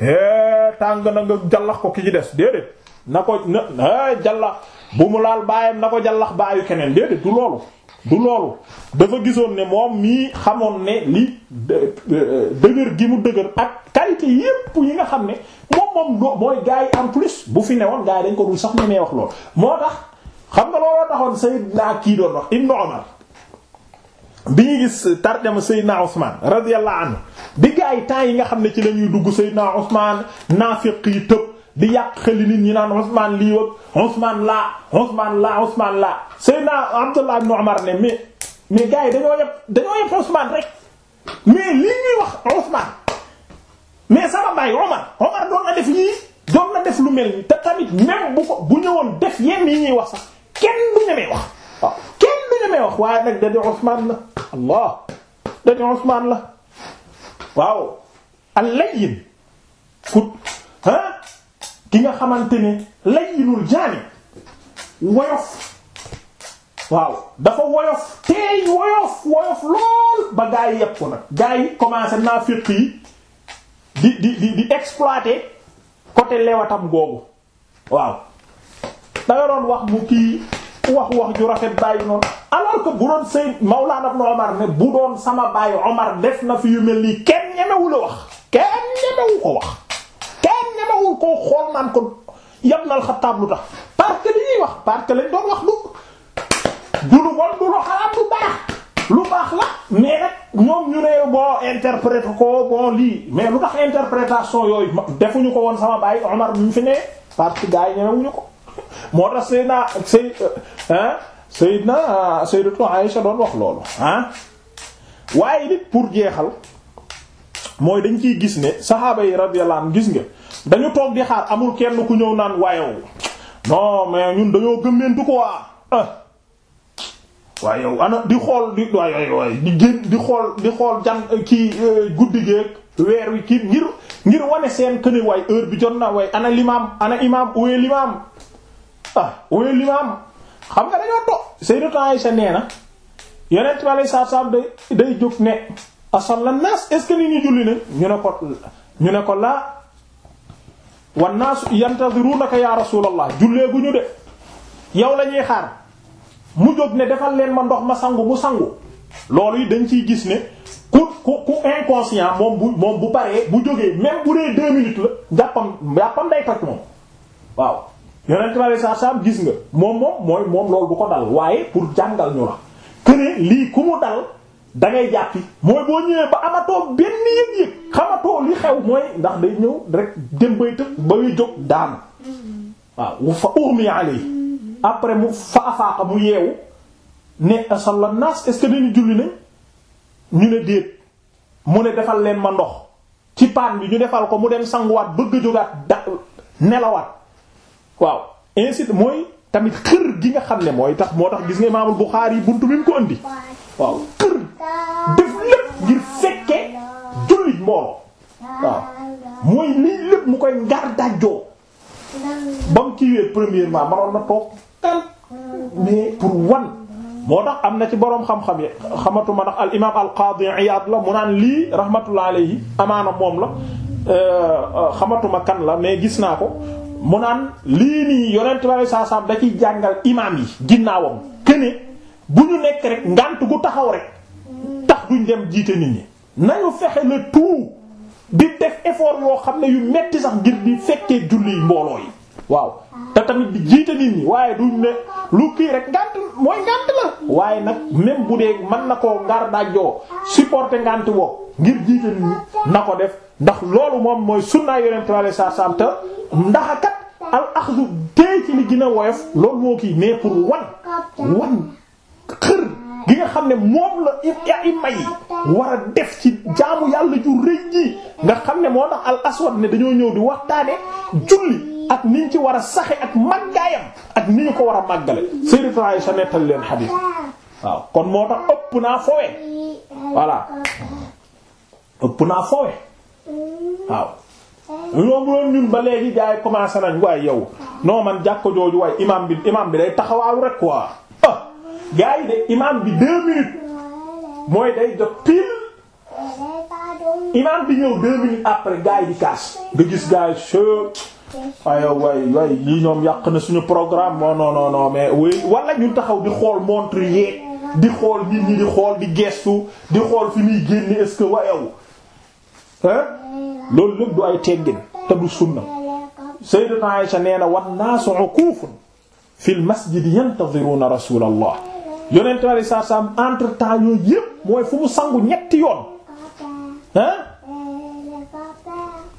é tàng na nga jallax ko ki ci des déedéet na ko na jallax bu mu laal baayam na ko jallax baayu keneen déedéet du loolu du loolu dafa gisoon ne moom mii xamoon ne li dëgër gi mu dëgër ak qualité yépp yi nga xam ne moom moom mooy gars en plus bu fi newoon gars yi dañ ko dul sax ne mee wax loolu moo tax xam nga looloo taxoon Seydina kii doon wax Ibn Umar bi ñu gis tarjama Seydina Ousmane radiyallahu anhu bi gaa yi temps yi nga xam ne ci lañuy dugg Seydina Ousmane naafiq tëb di yàq xeli nit ñi naan Ousmane lii wëg Ousmane laa Ousmane laa Ousmane laa Seydina Abdullah ibn Umar ne mais mais gaa yi dañoo yëpp dañoo yëpp Ousmane rek mais lii ñuy wax Ousmane mais sama baay Omar Omar doon na def yii doon na def lu mel ni te tamit même bu ko bu ñëwoon def yenn yi ñuy wax sax kenn du ñemee wax waaw ah. kenn waaye nag la allah dañu Usmaan la waaw al-layyin fut ah ki nga xamante ne layyinul jaani woyof waaw dafa woyof teey woyof woyof lool ba gaa yi yépp ko gaa yi commencé naa féq yi di di di di exploiter lewatam googu waaw danga doon wax mu kii wax wax ju rafet bàyyi noonu alors que bu doon sëy Mawlana Ibn Omar ne bu doon sama bàyyi Omar def na fi yu mel nii kenn ñemewu la wax kenn ñemewu ko wax kenn ñemewu koo xool naan ko yabna al-Xattaab lu tax parce que li ñuy wax parce lañ doon wax du du lu bon du lu xalaat lu baax lu baax la mais nag ñoom ñu ne boo interprète ko bon lii mais lu tax interprétation yooyu ñu ko woon sama bàyyi Omar bi mu fi nee parce que yi ñemewuñu ko moo tax Seydina Sey ah Seydina Sayyidatu Aïcha doon wax loolu ah waaye nit pour jeexal mooy dañ ci gis ne saxaaba yi radiyallahu anhum gis nga dañu toog di xaar amul kenn ku ñëw naan waayow non mais ñun dañoo gëmmentu ko waa ah waaye yow ana di xool di di génn xool di xool jan kii euh, guddi geeg weer wi kii ngir ngir wane seen këni waay heure bi jot na waay ana limaam ana imaam uwe limaam ah wala limaam xam nga dañoo toog Sayyidatu Aisha nee na yonent bi alayhi salaam day day jóg ne asalla naas est ce que nit ñi julli nañ ñu ne ko ñu ne ko laa wan naas yantazirunaka ya rasulallah jullee gu ñu de yow lañuy xaar mu jóg ne defal leen ma ndox ma sangu mu sangu loolu yi dañ ciy gis ne ku ku ku inconscient moom bu moom bu paree bu jógee même bu dee deux minutes la jàppam jàppam day toj moom waaw. yonent bi sa salaam gis nga moom moom mooy moom loolu bu ko dal waaye pour jàngal ñu la këne lii ku mu dal da ngay jàppi mooy boo ñëwee ba amatoo benn yëg-yëg xamatoo li xew mooy ndax day ñëw rek dem bay tëb ba muy jóg daanu waaw fa urmi alay après mu fa afaaqa mu yeewu ne asalla nas est-ce que julli nañ ñu ne déet mu ne defal leen ma ndox ci paan bi ñu defal ko mu dem sanguwaat bëgg a jógaat da nelawaat waaw incite mooy tamit xër gi nga xam ne mooy tax moo tax gis nga imaamul Buxaari yi buntu bi mu ko indi waaw xër def lépp ngir fekke jullit mbooloo waaw mooy lii lépp mu koy ngar dajjoo ba kiiwee premièrement manoon na toog kan mais pour wan moo tax am na ci boroom xam-xam yi xamatuma ndax al imaam al qaadi la mu naan lii rahmatullah alayhi amaana moom la euh, euh, xamatuma kan la mais gis naa ko mu naan lii nii yonent bi saa saa da ciy jàngal imaam yi ginnaawam këne bu ñu nekk rek ngant gu taxaw rek tax duñ dem jiite nit ñi nañu fexe le tout di def effort yoo xam ne yu metti sax ngir di fekkee julli mbooloo yi waaw te tamit di jiite nit ñi waaye du ne lu kii rek ngànt mooy ngànt la waaye nag même bu dee mën na koo ngar dajjoo supporter ngànt woo ngir jiite nit ñi na ko def ndax loolu moom mooy sunnaa yonent wala sa sam te ndax kat al axdu tey ci li gën woyof loolu moo kii mais pour wan wan xër gi nga xam ne moom la a'imma yi war a def ci jaamu yàlla ju rëy ji nga xam ne moo tax al aswad ne dañoo ñëw di waxtaane julli ak niñ ci war a saxe at màggaayam ak ni ñu ko war a màggale Sayyidatu Aisha nettali leen xadiis waaw kon moo tax ëpp naa fowe voilà ëpp naa fowe waaw ba léegi gars commencé nañ waaye yow non man jàkko jooju waaye imaam bi imaam bi day rek quoi. ah yi de imaam bi deux minutes mooy day jot pile imaam bi ñëw deux minutes après gars di kaas nga gis gars waaye waay waay lii ñoom yàq na suñu programme non wala ñu taxaw di xool montre yeeg di xool nit ñi di xool di gestu di xool fi muy génn est-ce que wayow hein loolu lépp du ay teggin te du sunna sayyidatu Aisha nee na wan naasu uqufun fil masjid yantadhiruna rasulallah yonent bi saa saam entre temps yooyu yépp mooy fu mu sangu ñetti yoon hein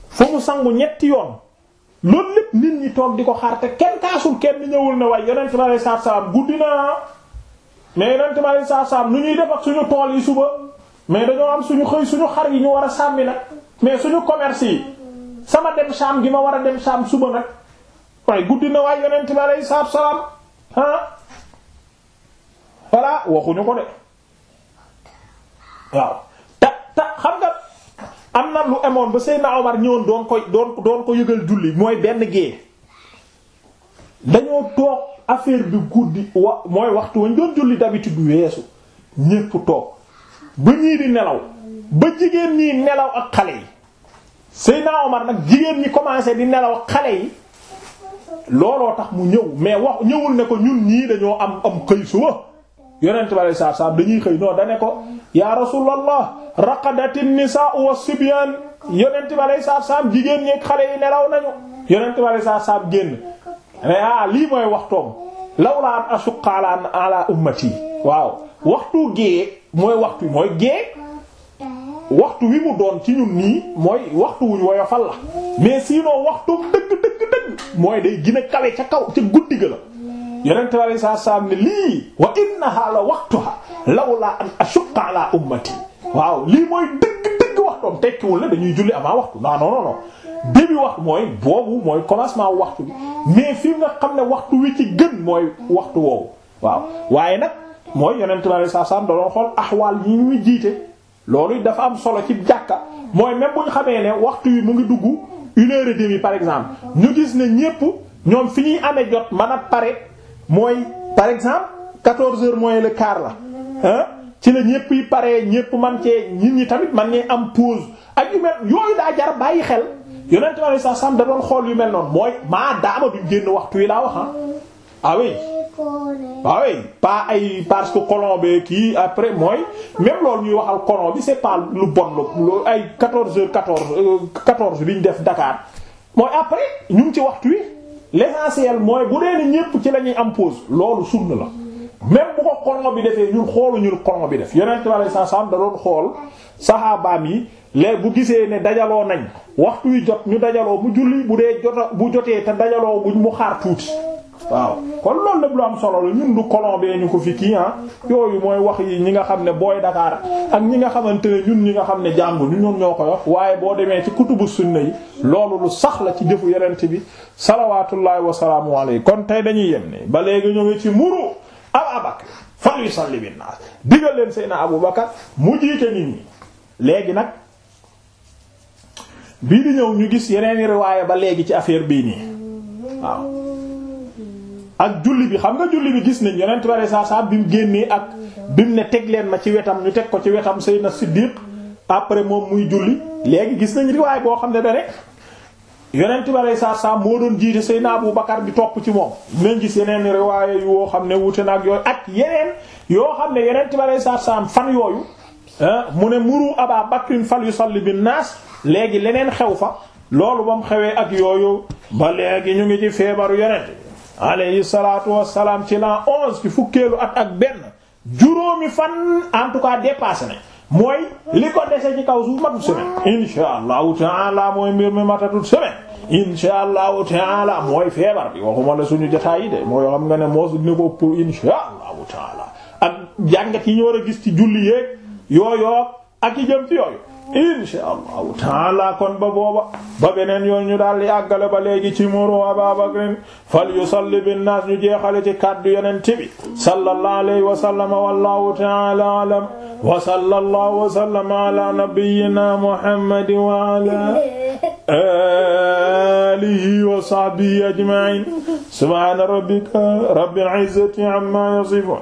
fu mu sangu ñetti yoon loolu lépp nit ñi toog di ko xaar te kenn kaasul kenn ñëwul ne waaye yonent bi alayhi salaatu salaam guddi naa mais yonent bi alayhi salaatu salaam nu ñuy def ak suñu tool yi suba mais dañoo am suñu xëy suñu xar yi ñu war a sàmmi nag mais suñu commerce yi sama dem saam gi ma war a dem saam suba nag waaye guddi na waaye yonent bi alayhi salaatu salaam ah voilà waxuñu ko de waaw ta ta xam nga am na lu amoon ba Seydina Omar ñëwoon doon koy doon doon ko yëgal julli mooy benn gée dañoo toog affaire bi guddi wa mooy waxtu wañ doon julli d'habitude bu weesu ñépp toog ba ñii di nelaw ba jigéen ñi nelaw ak xale yi Seydina Omar nag jigéen ñi commencé di nelaw xale yi looloo tax mu ñëw mais wax ñëwul ne ko ñun ñii dañoo am am xëy suba yonent bi sallallahu alayhi dañuy xëy non da ne ko ya Rasulullah raqadati nisaa'u was-sibyaan yonent bi alayhi salaam jigéen ñeeg xale yi nelaw nañu yonent bi alayhi salaatu salaam génn mais ah lii mooy waxtoom lawlaa an ashuqqa alaa ummati waaw waxtu gée mooy waxtu mooy gée waxtu wi mu doon ci ñun nii mooy waxtu wuñ woyofal la mais sinon waxtum dëgg dëgg dëgg mooy day gën a ca kaw ca guddi ga la yonent bi alayhi salaatu salaam ne lii wa innahaa la an ashuqqa alaa ummati waaw lii mooy dëgg dëgg waxtoom tekkiwul ne dañuy julli avant waxtu non non non début waxtu mooy boobu mooy commencement waxtu bi mais fii nga xam ne waxtu wi ci gën mooy waxtu woowu waaw waaye nag mooy yonent bi alayhi salaam da doon xool axwaal yi ñuy jiite loolu dafa am solo ci jàkka mooy même bu ñu xamee ne waxtu wi mu ngi dugg une heure et par exemple ñu gis ne ñépp ñoom fi ñuy amee jot man a pare mooy par exemple quatorze heures moins le quart la ci la ñépp yi paree ñépp man cee nit ñi tamit man ne am pause ak yu mel yooyu daa jar bàyyi xel yonent tamit sax sànq da doon xool yu mel noonu mooy maa daama duñ génn waxtu yi laa wax ah, ah, ah ay parce que colon be kii après mooy même loolu ñuy waxal colon bi c'est pas lu bon lu ay 14 heures 14 euh, bi ñu def Dakar mooy après ñu ngi ci waxtu wi l'essentiel mooy bu dee ne ñépp ci la ñuy am pause loolu sunna la. même bu ko xorngo bi defee ñun xooluñu xorngo bi def yonent bi alayhi salaam da doon xool saxaabaam yi léegi bu gisee ne dajaloo nañ waxtu yu jot ñu dajaloo bu julli bu dee jota bu jotee te dajaloo mu xaar tuuti waaw kon loolu lépp lu am solo la du colon bee ñu ko fi kii ah mooy wax yi ñi nga xam ne booy Dakar ak ñi xamante ne ñun ñi nga xam ne jàngu ñu ñoom ñoo koy waaye boo demee ci kutubu sunna yi loolu lu sax la ci jëfu yonent bi salawaatullaahi wa salaamu alayhi kon tey dañuy yem ne ba léegi ñu ngi ci muru. Abaa Bakr fal yusalli bin naas digal leen Seydina Abu Bakar mu jiite nii léegi nag bii di ñëw ñu gis yeneen riwaaya ba léegi ci affaire bii nii waaw ak julli bi xam nga julli bi gis nañ yonent bare saa saa bi mu génnee ak bi mu ne teg leen ma ci wetam ñu teg ko ci wetam Seydina Siddiq après moom muy julli léegi gis nañ riwaay boo xam ne da rek yonent bi aleyhi salaatu salaam moo doon jiite Seydina Abu Bakar bi topp ci moom nañ gis yeneen riwaaya yu yoo xam ne wute na ak yooyu ak yeneen yoo xam ne yonent bi aleyhi salaatu salaam fan yooyu ah, mu ne muru Aba Bakrin fal yusalli bi naas léegi leneen xew fa loolu ba mu xewee ak yooyu ba léegi ñu ngi ci feebaru yonent aleyhi salaatu wassalaam ci l'an onze ci fukkeelu at ak benn juróomi fan en tout cas dépassé mooy li ko dese ci kaw suuf matut semaine insha allahu taala mooy mbir mi matatut semaine insha allahu taala mooy feebar bi waxuma la suñu jotaay yi de mooy xam nga ne moos dina ko pour insha allahu taala ak jàngat yi ñu war a gis ci julli yeeg yooyo ak yi jëm ci yooyu insha allahu taala kon ba booba ba beneen yoon ñu daal yàggale ba léegi ci muru Abaa Bakrin fal yusalli bin naas ñu jeexale ci kàddu yonent bi sallallahu alayhi wa sallam wallahu taala alam wa sallallahu wa sallama ala nabiyyina Muhammad wa ala alihi wa sahbihi ajma'in subhana rabbika rabbil izzati amma yasifun